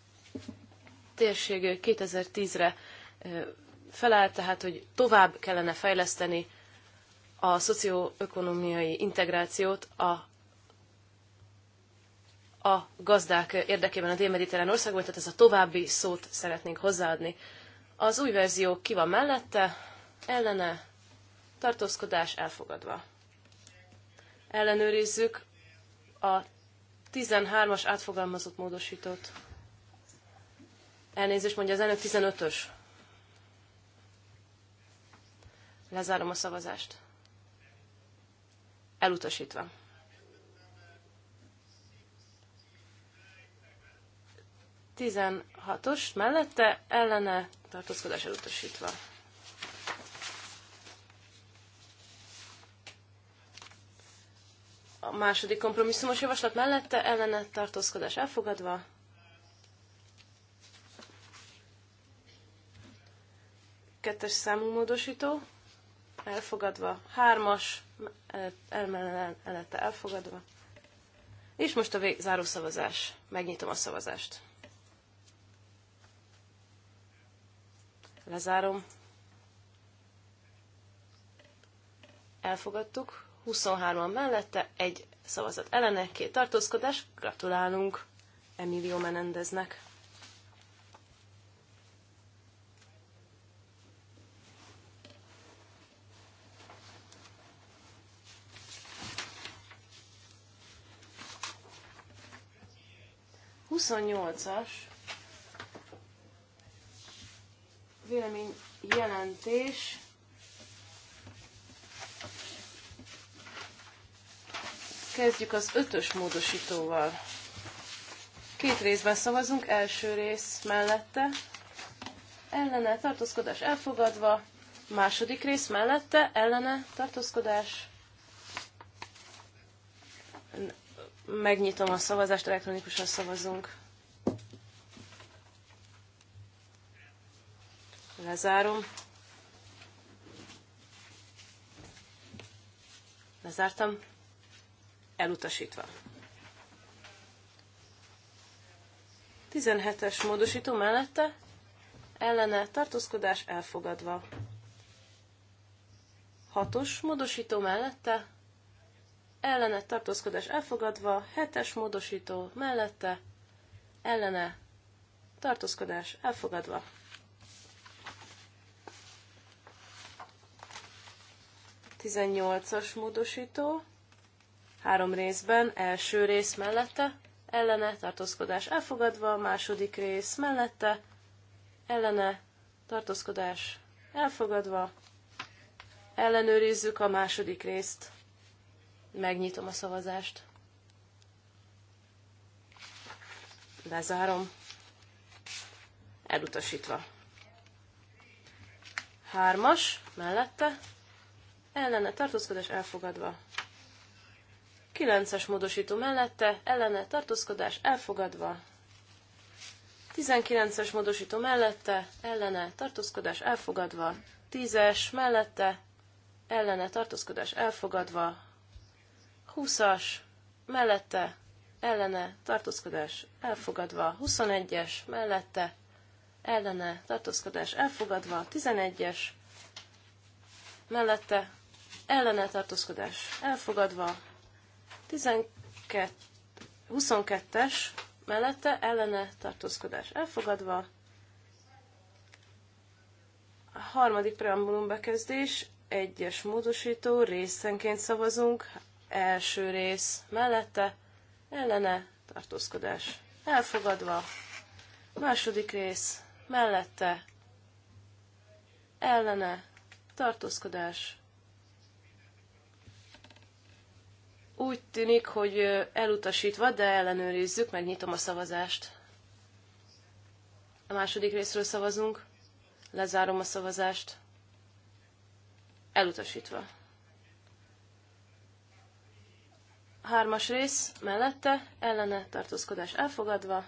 térség 2010-re felállt, tehát hogy tovább kellene fejleszteni a szocioökonomiai integrációt a a gazdák érdekében a dél-mediterrán országban, tehát ez a további szót szeretnénk hozzáadni. Az új verzió ki van mellette, ellene, tartózkodás elfogadva. Ellenőrizzük a 13-as átfogalmazott módosítót. Elnézést mondja az elnök 15-ös. Lezárom a szavazást. Elutasítva. Tizenhatos mellette ellene tartózkodás elutasítva. A második kompromisszumos javaslat mellette ellene tartózkodás elfogadva. Kettes számú módosító, elfogadva. Hármas, e, elmenete elfogadva. És most a vég, záró szavazás. Megnyitom a szavazást. Lezárom. Elfogadtuk. 23-an mellette, egy szavazat ellene, két tartózkodás. Gratulálunk Emilio Menendeznek. 28-as vélemény jelentés Kezdjük az ötös módosítóval. Két részben szavazunk, első rész mellette, ellene tartózkodás elfogadva, második rész mellette, ellene tartózkodás Megnyitom a szavazást, elektronikusan szavazunk. Lezárom. Lezártam. Elutasítva. 17-es módosító mellette ellene tartózkodás elfogadva. 6-os módosító mellette ellene tartózkodás elfogadva, hetes módosító mellette, ellene tartózkodás elfogadva. Tizennyolcas módosító, három részben, első rész mellette, ellene tartózkodás elfogadva, második rész mellette, ellene tartózkodás elfogadva, ellenőrizzük a második részt. Megnyitom a szavazást. Lezárom. Elutasítva. Hármas, mellette. Ellene tartózkodás elfogadva. Kilences módosító mellette, ellene tartózkodás elfogadva. 19-es módosító mellette, ellene tartózkodás elfogadva, 10-es mellette, ellene tartózkodás elfogadva, 20-as, mellette, ellene, tartózkodás elfogadva, 21-es, mellette, ellene, tartózkodás elfogadva, 11-es, mellette, ellene, tartózkodás elfogadva, 12, 22-es, mellette, ellene, tartózkodás elfogadva, a harmadik preambulum bekezdés, egyes módosító, részenként szavazunk, első rész mellette, ellene, tartózkodás elfogadva, második rész mellette, ellene, tartózkodás. Úgy tűnik, hogy elutasítva, de ellenőrizzük, megnyitom a szavazást. A második részről szavazunk, lezárom a szavazást. Elutasítva. Hármas rész mellette, ellene tartózkodás elfogadva.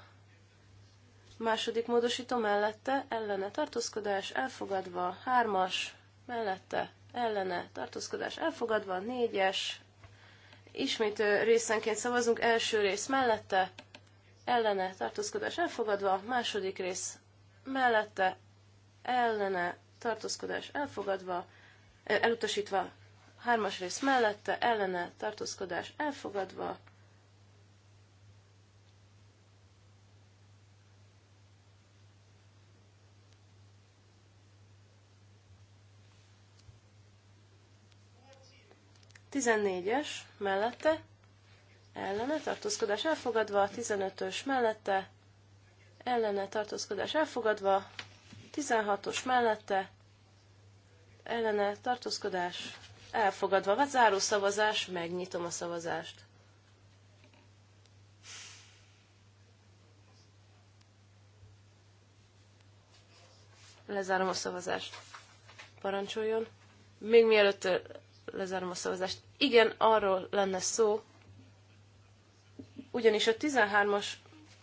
Második módosító mellette, ellene tartózkodás elfogadva. Hármas mellette, ellene tartózkodás elfogadva. Négyes. Ismét részenként szavazunk. Első rész mellette, ellene tartózkodás elfogadva. Második rész mellette, ellene tartózkodás elfogadva. Elutasítva hármas rész mellette, ellene, tartózkodás elfogadva, Tizennégyes mellette, ellene, tartózkodás elfogadva, tizenötös mellette, ellene, tartózkodás elfogadva, tizenhatos mellette, ellene, tartózkodás Elfogadva. Vagy záró szavazás, megnyitom a szavazást. Lezárom a szavazást. Parancsoljon. Még mielőtt lezárom a szavazást. Igen, arról lenne szó, ugyanis a 13-as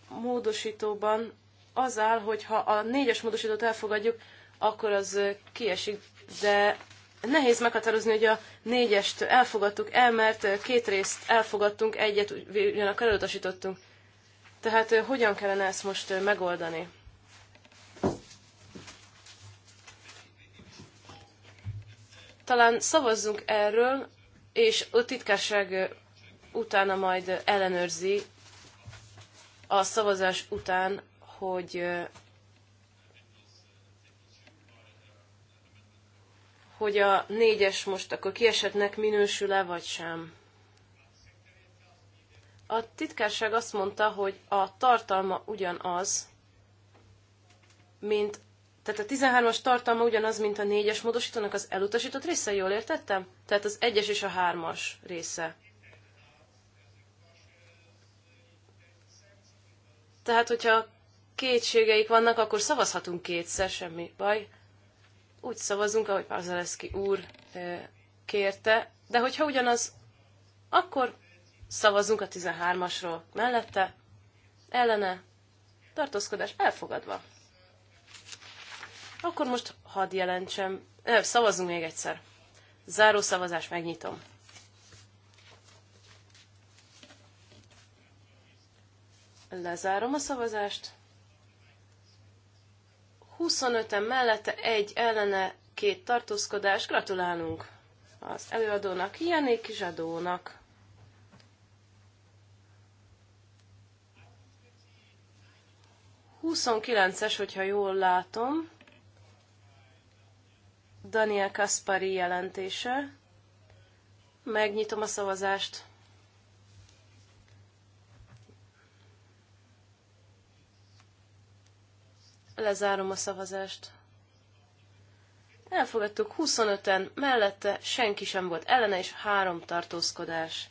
módosítóban az áll, hogy ha a négyes módosítót elfogadjuk, akkor az kiesik, de nehéz meghatározni, hogy a négyest elfogadtuk el, mert két részt elfogadtunk, egyet ugyanakkor elutasítottunk. Tehát hogyan kellene ezt most megoldani? Talán szavazzunk erről, és a titkárság utána majd ellenőrzi a szavazás után, hogy hogy a négyes most akkor kiesetnek minősül-e, vagy sem. A titkárság azt mondta, hogy a tartalma ugyanaz, mint tehát a 13-as tartalma ugyanaz, mint a 4-es módosítónak az elutasított része, jól értettem? Tehát az 1-es és a 3-as része. Tehát, hogyha kétségeik vannak, akkor szavazhatunk kétszer, semmi baj úgy szavazunk, ahogy Pazaleszki úr kérte, de hogyha ugyanaz, akkor szavazunk a 13-asról mellette, ellene, tartózkodás elfogadva. Akkor most hadd jelentsem, nem, szavazunk még egyszer. Záró szavazás, megnyitom. Lezárom a szavazást. 25-en mellette egy ellene két tartózkodás. Gratulálunk az előadónak, Janik Zsadónak. Huszonkilences, hogyha jól látom, Daniel Kaspari jelentése. Megnyitom a szavazást. Lezárom a szavazást. Elfogadtuk 25-en, mellette senki sem volt ellene, és három tartózkodás.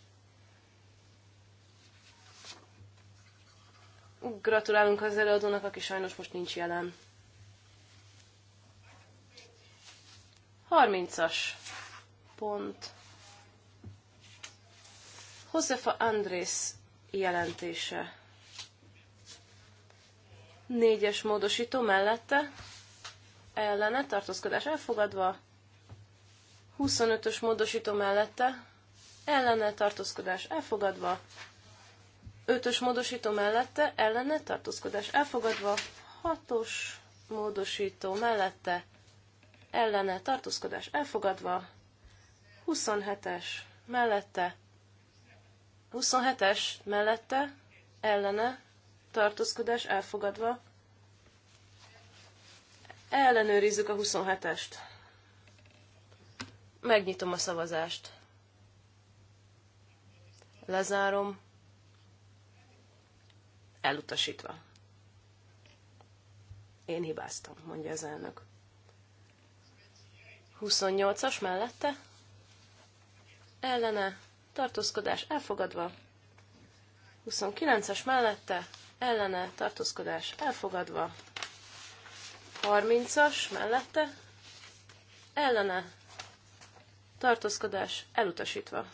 Gratulálunk az előadónak, aki sajnos most nincs jelen. 30-as pont. Josefa Andrész jelentése. Négyes módosító mellette ellene tartózkodás elfogadva. 25-ös módosító mellette ellene tartózkodás elfogadva. 5-ös módosító mellette ellene tartózkodás elfogadva. 6-os módosító mellette ellene tartózkodás elfogadva. 27-es mellette 27-es mellette ellene tartózkodás elfogadva. Ellenőrizzük a 27-est. Megnyitom a szavazást. Lezárom. Elutasítva. Én hibáztam, mondja az elnök. 28-as mellette. Ellene. Tartózkodás elfogadva. 29-es mellette ellene tartózkodás elfogadva. 30-as mellette ellene tartózkodás elutasítva.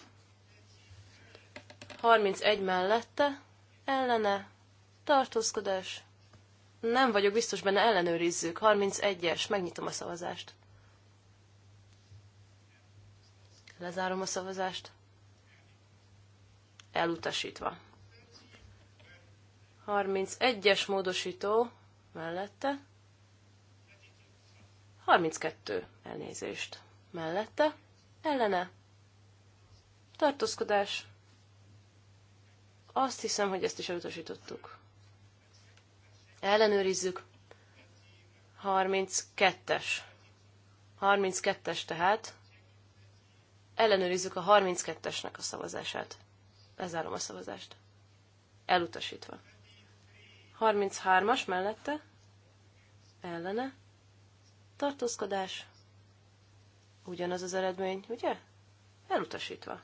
31 mellette ellene tartózkodás. Nem vagyok biztos benne, ellenőrizzük. 31-es, megnyitom a szavazást. Lezárom a szavazást. Elutasítva. 31-es módosító mellette. 32 elnézést mellette. Ellene. Tartózkodás. Azt hiszem, hogy ezt is elutasítottuk. Ellenőrizzük. 32-es. 32-es tehát. Ellenőrizzük a 32-esnek a szavazását. Lezárom a szavazást. Elutasítva. 33-as mellette, ellene, tartózkodás, ugyanaz az eredmény, ugye? Elutasítva.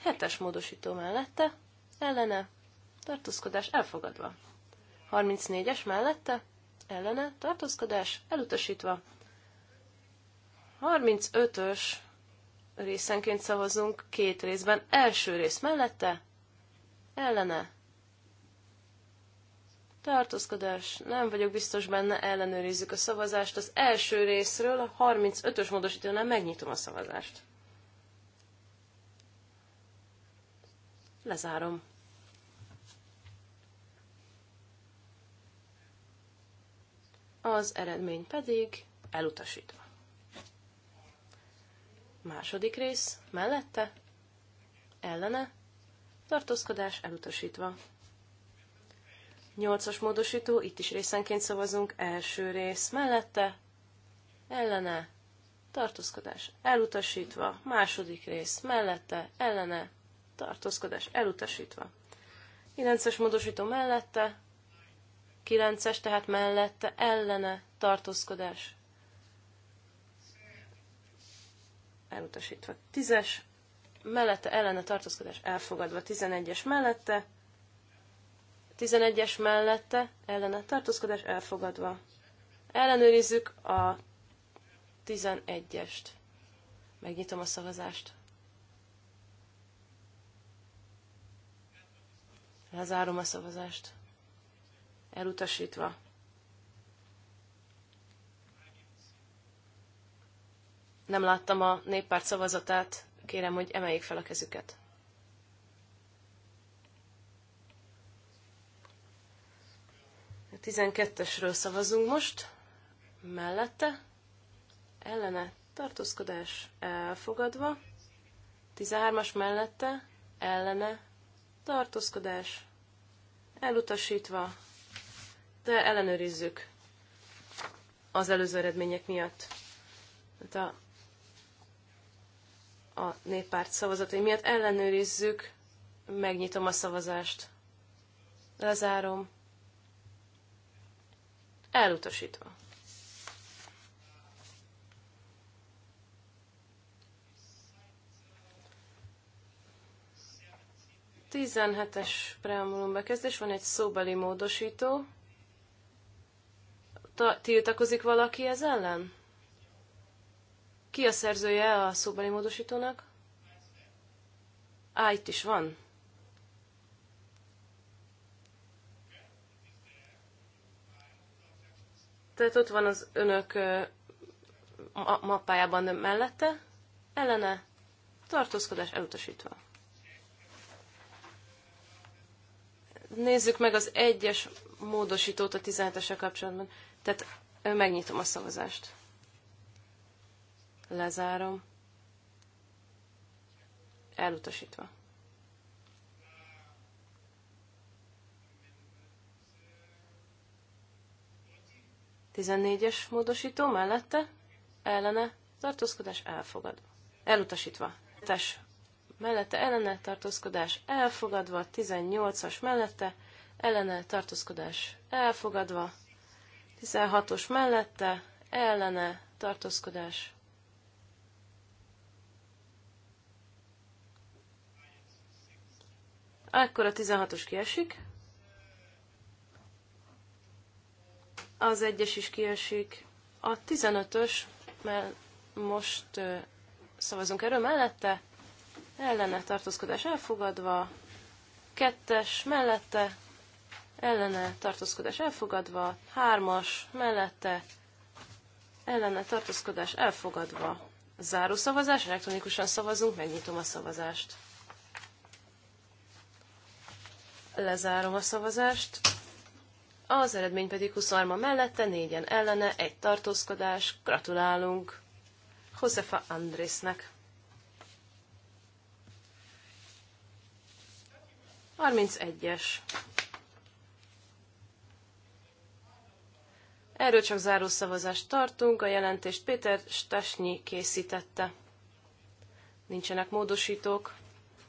Hetes módosító mellette, ellene, tartózkodás elfogadva. 34-es mellette, ellene, tartózkodás elutasítva. 35-ös részenként szavazunk két részben, első rész mellette, ellene, Tartózkodás. Nem vagyok biztos benne, ellenőrizzük a szavazást. Az első részről a 35-ös módosítónál megnyitom a szavazást. Lezárom. Az eredmény pedig elutasítva. Második rész, mellette, ellene, tartózkodás elutasítva. Nyolcas módosító, itt is részenként szavazunk, első rész mellette, ellene, tartózkodás elutasítva, második rész mellette, ellene, tartózkodás elutasítva. 9-es módosító mellette, 9-es tehát mellette, ellene, tartózkodás elutasítva. 10-es mellette, ellene, tartózkodás elfogadva, 11-es mellette, 11-es mellette ellene tartózkodás elfogadva. Ellenőrizzük a 11-est. Megnyitom a szavazást. Lezárom a szavazást. Elutasítva. Nem láttam a néppárt szavazatát. Kérem, hogy emeljék fel a kezüket. 12-esről szavazunk most. Mellette. Ellene. Tartózkodás elfogadva. 13-as mellette. Ellene. Tartózkodás elutasítva. De ellenőrizzük az előző eredmények miatt. Hát a, a néppárt szavazatai miatt ellenőrizzük, megnyitom a szavazást. Lezárom. Elutasítva. Tizenhetes preambulum bekezdés, van egy szóbeli módosító. Ta- tiltakozik valaki ez ellen? Ki a szerzője a szóbeli módosítónak? Á, itt is van. tehát ott van az önök ma mappájában mellette, ellene tartózkodás elutasítva. Nézzük meg az egyes módosítót a 17-esre kapcsolatban. Tehát megnyitom a szavazást. Lezárom. Elutasítva. 14-es módosító mellette, ellene, tartózkodás elfogadva. Elutasítva. Tes mellette, ellene, tartózkodás elfogadva. 18-as mellette, ellene, tartózkodás elfogadva. 16-os mellette, ellene, tartózkodás Akkor a 16-os kiesik. az egyes is kiesik. A 15-ös, mert most szavazunk erről mellette, ellene tartózkodás elfogadva, kettes mellette, ellene tartózkodás elfogadva, hármas mellette, ellene tartózkodás elfogadva. Záró szavazás, elektronikusan szavazunk, megnyitom a szavazást. Lezárom a szavazást az eredmény pedig 23 mellette, négyen ellene, egy tartózkodás. Gratulálunk Josefa Andrésznek. 31-es. Erről csak záró szavazást tartunk, a jelentést Péter Stasnyi készítette. Nincsenek módosítók,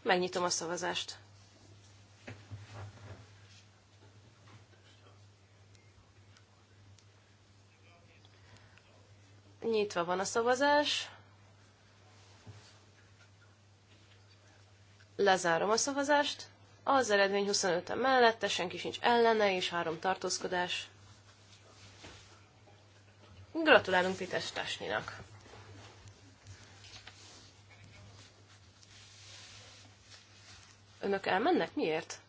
megnyitom a szavazást. Nyitva van a szavazás. Lezárom a szavazást. Az eredmény 25-en mellette, senki sincs ellene, és három tartózkodás. Gratulálunk Pites Tásninak! Önök elmennek? Miért?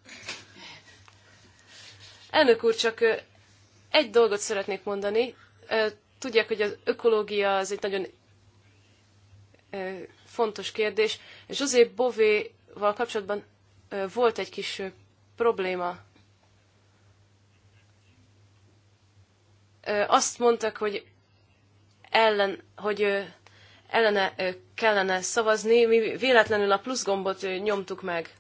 Elnök úr, csak egy dolgot szeretnék mondani. Tudják, hogy az ökológia az egy nagyon fontos kérdés. José Bové-val kapcsolatban volt egy kis probléma. Azt mondtak, hogy ellen, hogy ellene kellene szavazni, mi véletlenül a plusz gombot nyomtuk meg.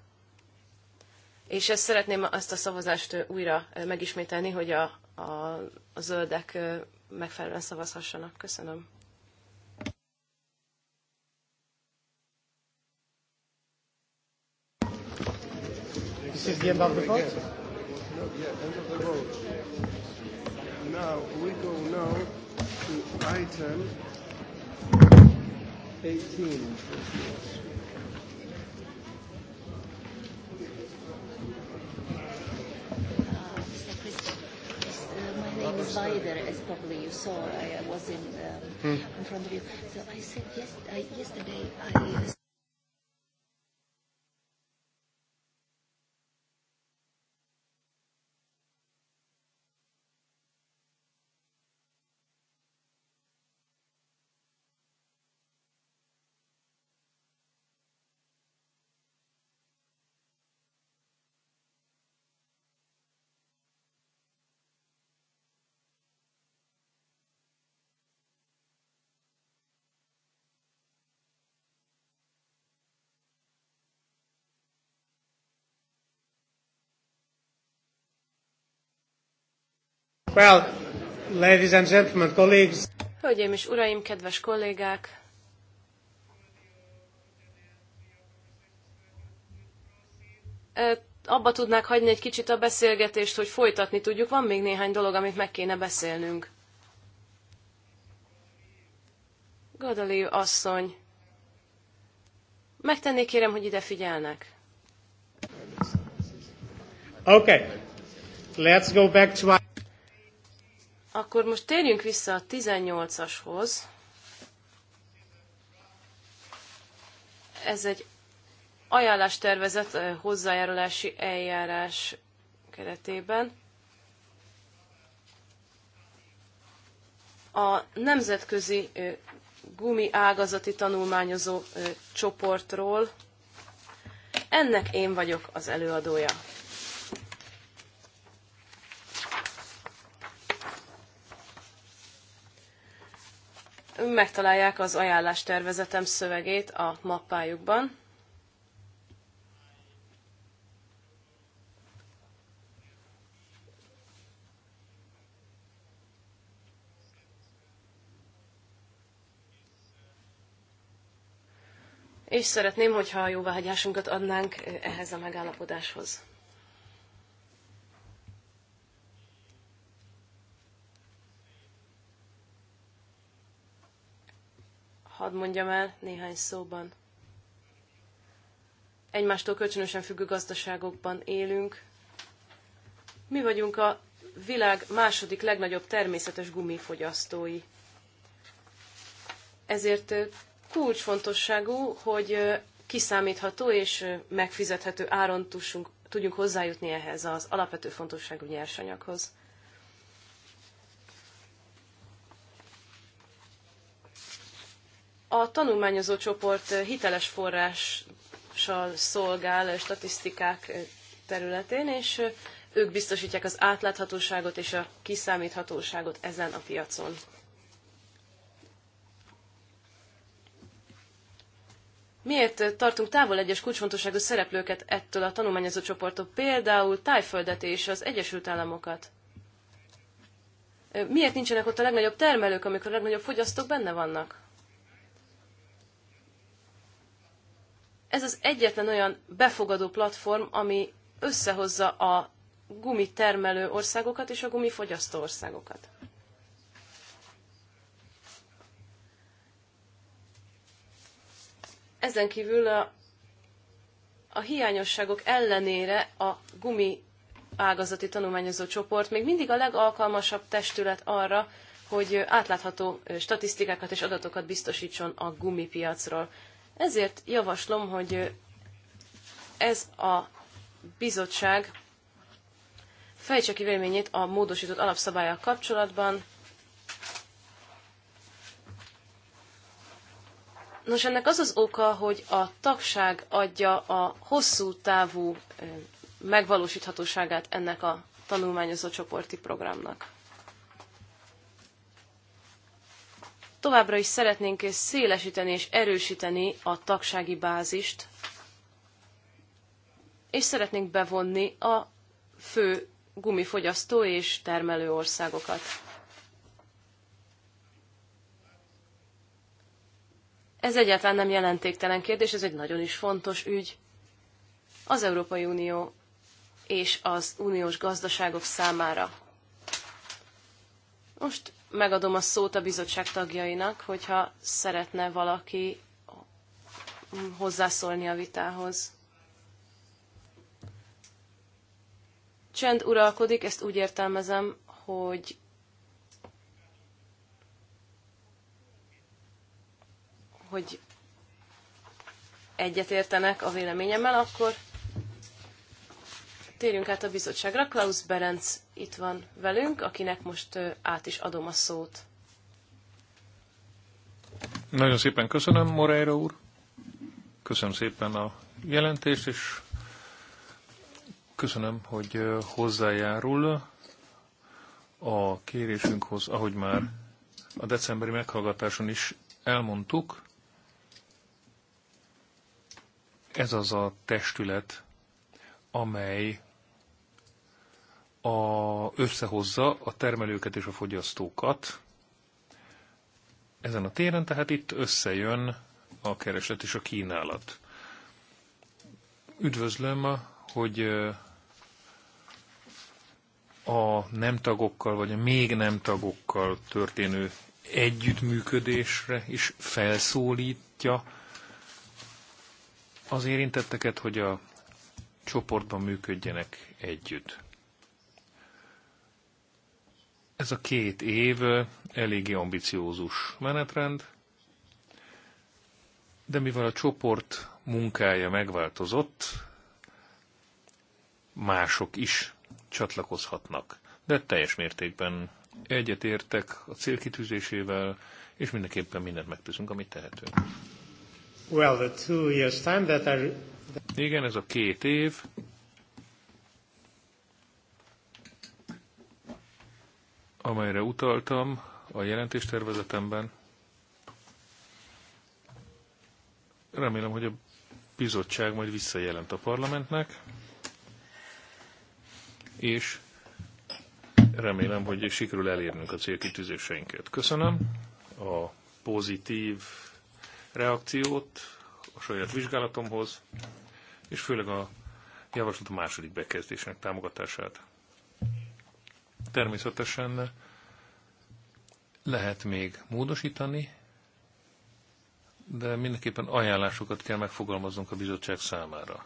És ezt szeretném azt a szavazást újra megismételni, hogy a, a, a zöldek megfelelően szavazhassanak. Köszönöm. This is the end of the vote? Yeah, end of the vote. Now, we go now to item 18. Spider, as probably you saw, I, was in, um, hmm. in front of you. So I said yes, I, yesterday I. Well, ladies and gentlemen, colleagues. Hölgyeim és uraim, kedves kollégák! Abba tudnák hagyni egy kicsit a beszélgetést, hogy folytatni tudjuk. Van még néhány dolog, amit meg kéne beszélnünk. Gadali asszony, megtennék kérem, hogy ide figyelnek. Okay. Let's go back to akkor most térjünk vissza a 18-ashoz. Ez egy ajánlástervezet eh, hozzájárulási eljárás keretében. A nemzetközi eh, gumi ágazati tanulmányozó eh, csoportról. Ennek én vagyok az előadója. megtalálják az ajánlás tervezetem szövegét a mappájukban. És szeretném, hogyha a jóváhagyásunkat adnánk ehhez a megállapodáshoz. hadd mondjam el néhány szóban. Egymástól kölcsönösen függő gazdaságokban élünk. Mi vagyunk a világ második legnagyobb természetes gumifogyasztói. Ezért kulcsfontosságú, hogy kiszámítható és megfizethető áron tudjunk hozzájutni ehhez az alapvető fontosságú nyersanyaghoz. A tanulmányozó csoport hiteles forrással szolgál statisztikák területén, és ők biztosítják az átláthatóságot és a kiszámíthatóságot ezen a piacon. Miért tartunk távol egyes kulcsfontosságú szereplőket ettől a tanulmányozó csoportok, például Tájföldet és az Egyesült Államokat? Miért nincsenek ott a legnagyobb termelők, amikor a legnagyobb fogyasztók benne vannak? Ez az egyetlen olyan befogadó platform, ami összehozza a gumitermelő országokat és a gumifogyasztó országokat. Ezen kívül a, a hiányosságok ellenére a gumi ágazati tanulmányozó csoport még mindig a legalkalmasabb testület arra, hogy átlátható statisztikákat és adatokat biztosítson a gumipiacról. Ezért javaslom, hogy ez a bizottság fejtse ki véleményét a módosított alapszabályok kapcsolatban. Nos, ennek az az oka, hogy a tagság adja a hosszú távú eh, megvalósíthatóságát ennek a tanulmányozó csoporti programnak. Továbbra is szeretnénk szélesíteni és erősíteni a tagsági bázist, és szeretnénk bevonni a fő gumifogyasztó és termelő országokat. Ez egyáltalán nem jelentéktelen kérdés, ez egy nagyon is fontos ügy. Az Európai Unió és az uniós gazdaságok számára. Most megadom a szót a bizottság tagjainak, hogyha szeretne valaki hozzászólni a vitához. Csend uralkodik, ezt úgy értelmezem, hogy hogy egyetértenek a véleményemmel, akkor térjünk át a bizottságra. Klaus Berenc itt van velünk, akinek most át is adom a szót. Nagyon szépen köszönöm, Moreira úr. Köszönöm szépen a jelentést, és köszönöm, hogy hozzájárul a kérésünkhoz, ahogy már a decemberi meghallgatáson is elmondtuk. Ez az a testület, amely a, összehozza a termelőket és a fogyasztókat ezen a téren, tehát itt összejön a kereslet és a kínálat. Üdvözlöm, hogy a nem tagokkal, vagy a még nem tagokkal történő együttműködésre is felszólítja az érintetteket, hogy a csoportban működjenek együtt. Ez a két év eléggé ambiciózus menetrend, de mivel a csoport munkája megváltozott, mások is csatlakozhatnak. De teljes mértékben egyetértek a célkitűzésével, és mindenképpen mindent megtűzünk, amit tehetünk. Well, the two years time that I... Igen, ez a két év, amelyre utaltam a jelentéstervezetemben. Remélem, hogy a bizottság majd visszajelent a parlamentnek, és remélem, hogy sikerül elérnünk a célkitűzéseinket. Köszönöm a pozitív reakciót a saját vizsgálatomhoz, és főleg a javaslat a második bekezdésnek támogatását. Természetesen lehet még módosítani, de mindenképpen ajánlásokat kell megfogalmaznunk a bizottság számára.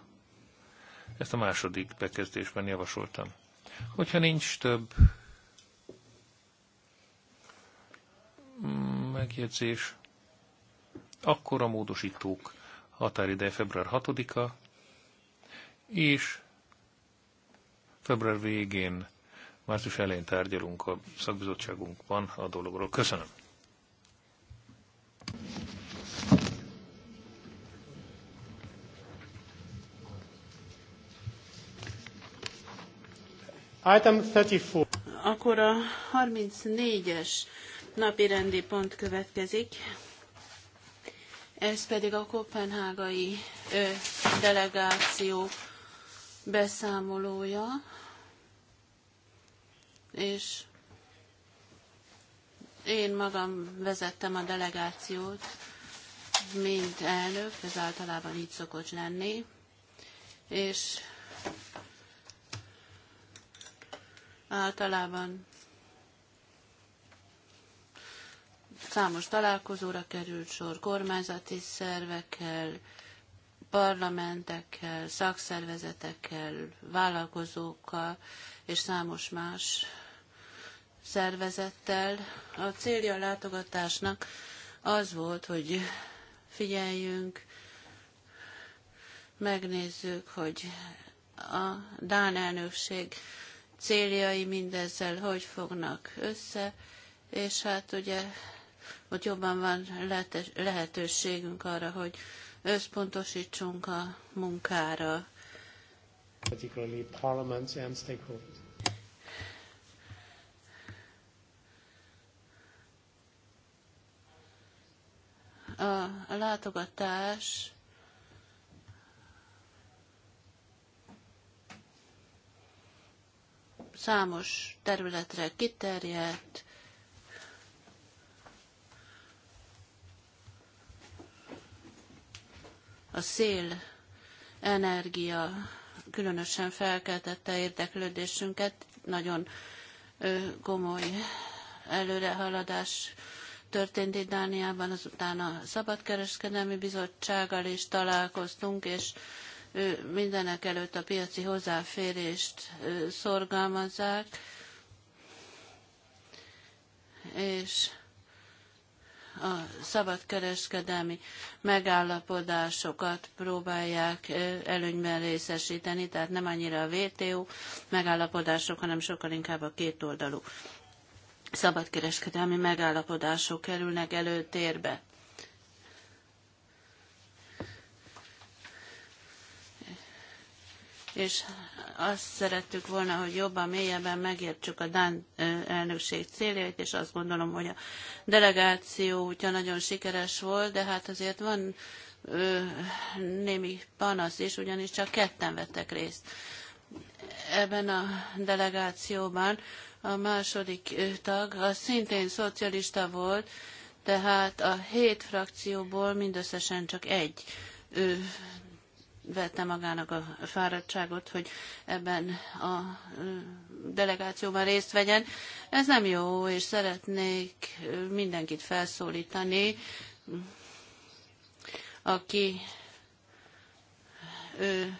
Ezt a második bekezdésben javasoltam. Hogyha nincs több megjegyzés, akkor a módosítók határideje február 6-a, és február végén március elején tárgyalunk a szakbizottságunkban a dologról. Köszönöm. Item 34. Akkor a 34-es napi rendi pont következik. Ez pedig a kopenhágai delegáció beszámolója és én magam vezettem a delegációt, mint elnök, ez általában így szokott lenni, és általában számos találkozóra került sor kormányzati szervekkel, parlamentekkel, szakszervezetekkel, vállalkozókkal és számos más szervezettel. A célja a látogatásnak az volt, hogy figyeljünk, megnézzük, hogy a Dán elnökség céljai mindezzel hogy fognak össze, és hát ugye ott jobban van lehetőségünk arra, hogy összpontosítsunk a munkára. Particularly parliaments and stakeholders. a látogatás számos területre kiterjedt, a szél energia különösen felkeltette érdeklődésünket, nagyon komoly előrehaladás történt itt Dániában, azután a Szabadkereskedelmi Bizottsággal is találkoztunk, és ő mindenek előtt a piaci hozzáférést szorgalmazzák, és a szabadkereskedelmi megállapodásokat próbálják előnyben részesíteni, tehát nem annyira a WTO megállapodások, hanem sokkal inkább a kétoldalú szabadkereskedelmi megállapodások kerülnek előtérbe. és azt szerettük volna, hogy jobban, mélyebben megértsük a Dán elnökség céljait, és azt gondolom, hogy a delegáció útja nagyon sikeres volt, de hát azért van ö, némi panasz is, ugyanis csak ketten vettek részt ebben a delegációban, a második tag, az szintén szocialista volt, tehát a hét frakcióból mindösszesen csak egy ő vette magának a fáradtságot, hogy ebben a delegációban részt vegyen. Ez nem jó, és szeretnék mindenkit felszólítani, aki ő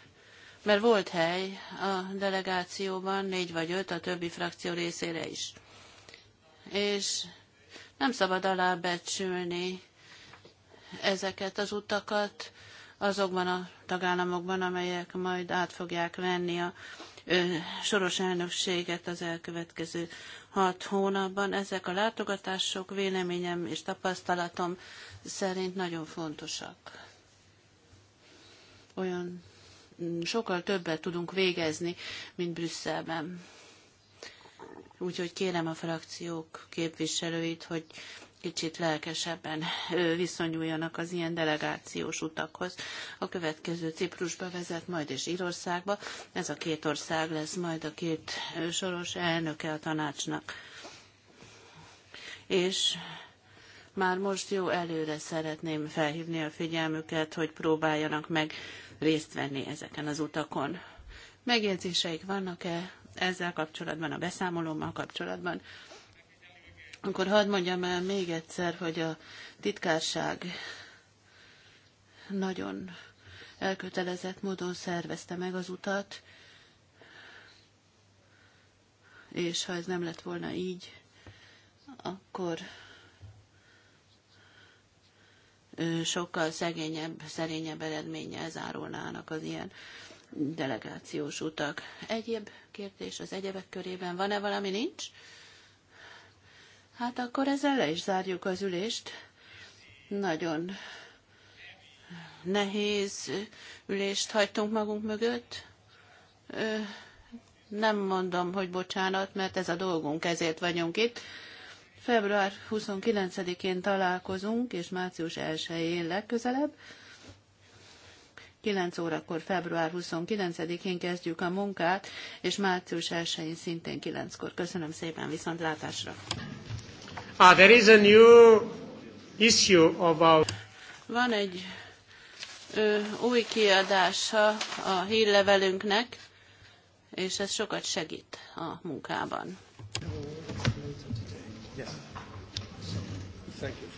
mert volt hely a delegációban, négy vagy öt a többi frakció részére is. És nem szabad alábecsülni ezeket az utakat azokban a tagállamokban, amelyek majd át fogják venni a soros elnökséget az elkövetkező hat hónapban. Ezek a látogatások véleményem és tapasztalatom szerint nagyon fontosak. Olyan sokkal többet tudunk végezni, mint Brüsszelben. Úgyhogy kérem a frakciók képviselőit, hogy kicsit lelkesebben viszonyuljanak az ilyen delegációs utakhoz. A következő Ciprusba vezet, majd és Írországba. Ez a két ország lesz majd a két soros elnöke a tanácsnak. És már most jó előre szeretném felhívni a figyelmüket, hogy próbáljanak meg részt venni ezeken az utakon. Megjegyzéseik vannak-e ezzel kapcsolatban, a beszámolómmal kapcsolatban? Akkor hadd mondjam el még egyszer, hogy a titkárság nagyon elkötelezett módon szervezte meg az utat, és ha ez nem lett volna így, akkor sokkal szegényebb, szerényebb eredménnyel zárulnának az ilyen delegációs utak. Egyéb kérdés az egyebek körében van-e valami nincs? Hát akkor ezzel le is zárjuk az ülést. Nagyon nehéz ülést hagytunk magunk mögött. Nem mondom, hogy bocsánat, mert ez a dolgunk, ezért vagyunk itt. Február 29-én találkozunk, és március 1-én legközelebb. 9 órakor február 29-én kezdjük a munkát, és március 1-én szintén 9-kor. Köszönöm szépen, viszontlátásra! Ah, there is a new issue about... Van egy ö, új kiadása a hírlevelünknek, és ez sokat segít a munkában. Yes. Thank you.